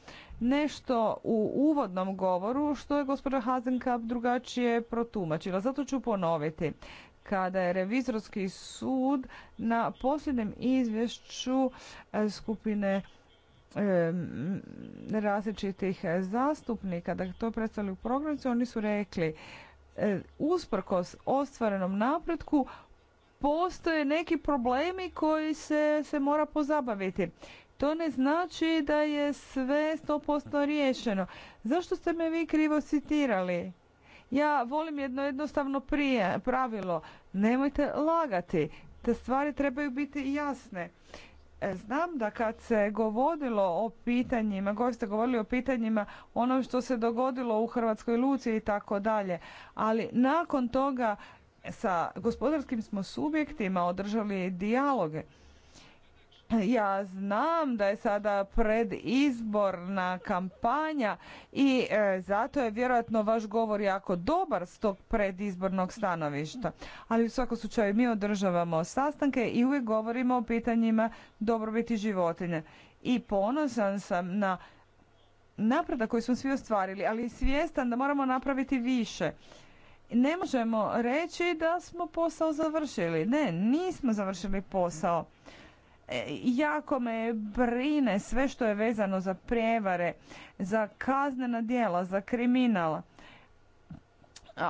nešto u uvodnom govoru što je gospođa Hazenkap drugačije protumačila. Zato ću ponoviti. Kada je revizorski sud na posljednjem izvješću e, skupine e, različitih zastupnika da to u programu, oni su rekli e, usprkos ostvarenom napretku postoje neki problemi koji se, se mora pozabaviti. To ne znači da je sve 100% riješeno. Zašto ste me vi krivo citirali? Ja volim jedno jednostavno prije, pravilo. Nemojte lagati. Te stvari trebaju biti jasne. E, znam da kad se govorilo o pitanjima, govor ste govorili o pitanjima ono što se dogodilo u Hrvatskoj luci i tako dalje, ali nakon toga sa gospodarskim smo subjektima održali dijaloge ja znam da je sada predizborna kampanja i e, zato je vjerojatno vaš govor jako dobar s tog predizbornog stanovišta. Ali u svakom slučaju mi održavamo sastanke i uvijek govorimo o pitanjima dobrobiti životinja. I ponosan sam na napredak koji smo svi ostvarili, ali svjestan da moramo napraviti više. Ne možemo reći da smo posao završili. Ne, nismo završili posao. E, jako me brine sve što je vezano za prijevare, za kaznena djela, za kriminal.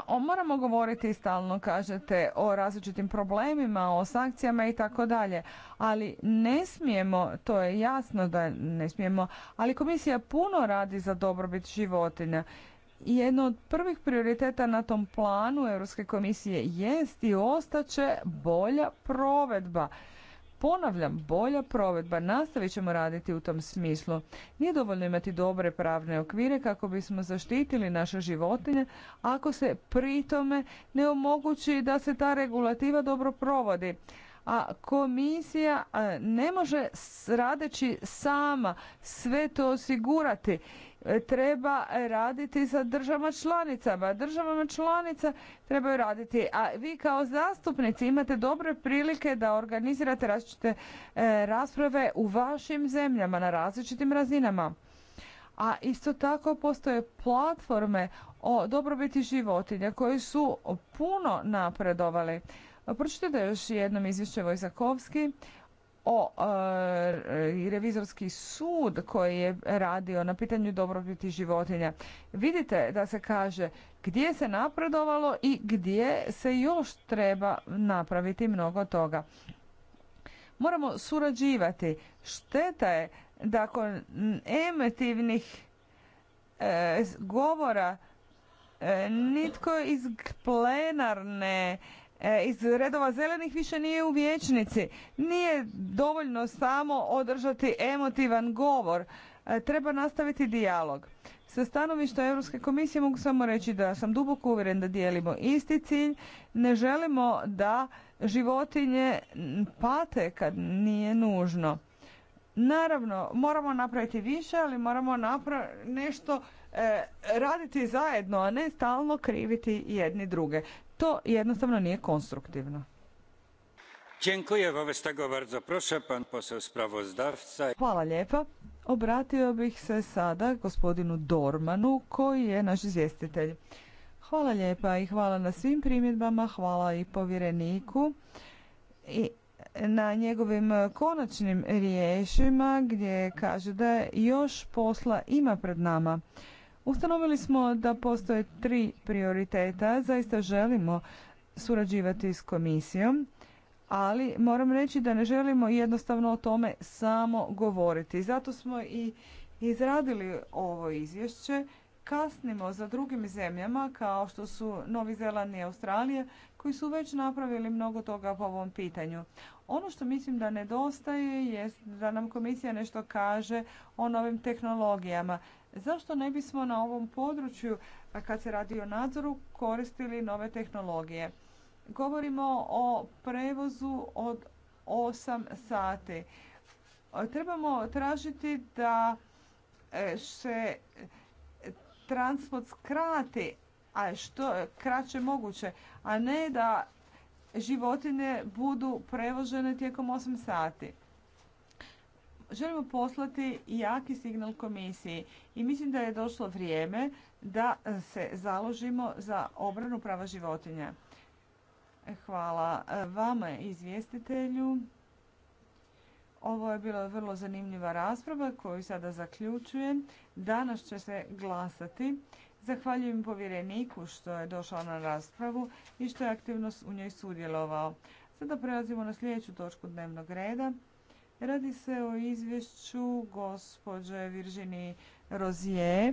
O, moramo govoriti stalno, kažete, o različitim problemima, o sankcijama i tako dalje, ali ne smijemo, to je jasno da ne smijemo, ali komisija puno radi za dobrobit životinja. Jedno od prvih prioriteta na tom planu Europske komisije jest i ostaće bolja provedba. Ponavljam, bolja provedba, nastavit ćemo raditi u tom smislu. Nije dovoljno imati dobre pravne okvire kako bismo zaštitili naše životinje ako se pritome ne omogući da se ta regulativa dobro provodi. A komisija ne može radeći sama sve to osigurati treba raditi sa državama članicama. Državama članica trebaju raditi, a vi kao zastupnici imate dobre prilike da organizirate različite e, rasprave u vašim zemljama na različitim razinama. A isto tako postoje platforme o dobrobiti životinja koji su puno napredovali. Pročitajte još jednom izvješće Vojzakovski o e, revizorski sud koji je radio na pitanju dobrobiti životinja. Vidite da se kaže gdje se napredovalo i gdje se još treba napraviti mnogo toga. Moramo surađivati. Šteta je da kod emotivnih e, govora e, nitko iz plenarne E, iz redova zelenih više nije u vijećnici. Nije dovoljno samo održati emotivan govor. E, treba nastaviti dijalog. Sa stanovišta Europske komisije mogu samo reći da sam duboko uvjeren da dijelimo isti cilj. Ne želimo da životinje pate kad nije nužno. Naravno, moramo napraviti više, ali moramo napraviti nešto E, raditi zajedno, a ne stalno kriviti jedni druge. To jednostavno nije konstruktivno. Dziękuję tego bardzo. Proszę pan poseł sprawozdawca. Hvala lijepa. Obratio bih se sada gospodinu Dormanu koji je naš izvjestitelj. Hvala lijepa i hvala na svim primjedbama, hvala i povjereniku i na njegovim konačnim riješima gdje kaže da još posla ima pred nama. Ustanovili smo da postoje tri prioriteta. Zaista želimo surađivati s komisijom, ali moram reći da ne želimo jednostavno o tome samo govoriti. Zato smo i izradili ovo izvješće. Kasnimo za drugim zemljama kao što su Novi Zeland i Australija koji su već napravili mnogo toga po ovom pitanju. Ono što mislim da nedostaje je da nam komisija nešto kaže o novim tehnologijama. Zašto ne bismo na ovom području, kad se radi o nadzoru, koristili nove tehnologije? Govorimo o prevozu od 8 sati. Trebamo tražiti da e, se transport skrati, a što kraće moguće, a ne da životine budu prevožene tijekom 8 sati želimo poslati jaki signal komisiji i mislim da je došlo vrijeme da se založimo za obranu prava životinja. Hvala e, vama izvjestitelju. Ovo je bila vrlo zanimljiva rasprava koju sada zaključujem. Danas će se glasati. Zahvaljujem povjereniku što je došao na raspravu i što je aktivno u njoj sudjelovao. Sada prelazimo na sljedeću točku dnevnog reda. Radi se o izvješću gospođe Viržini Rozije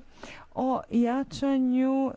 o jačanju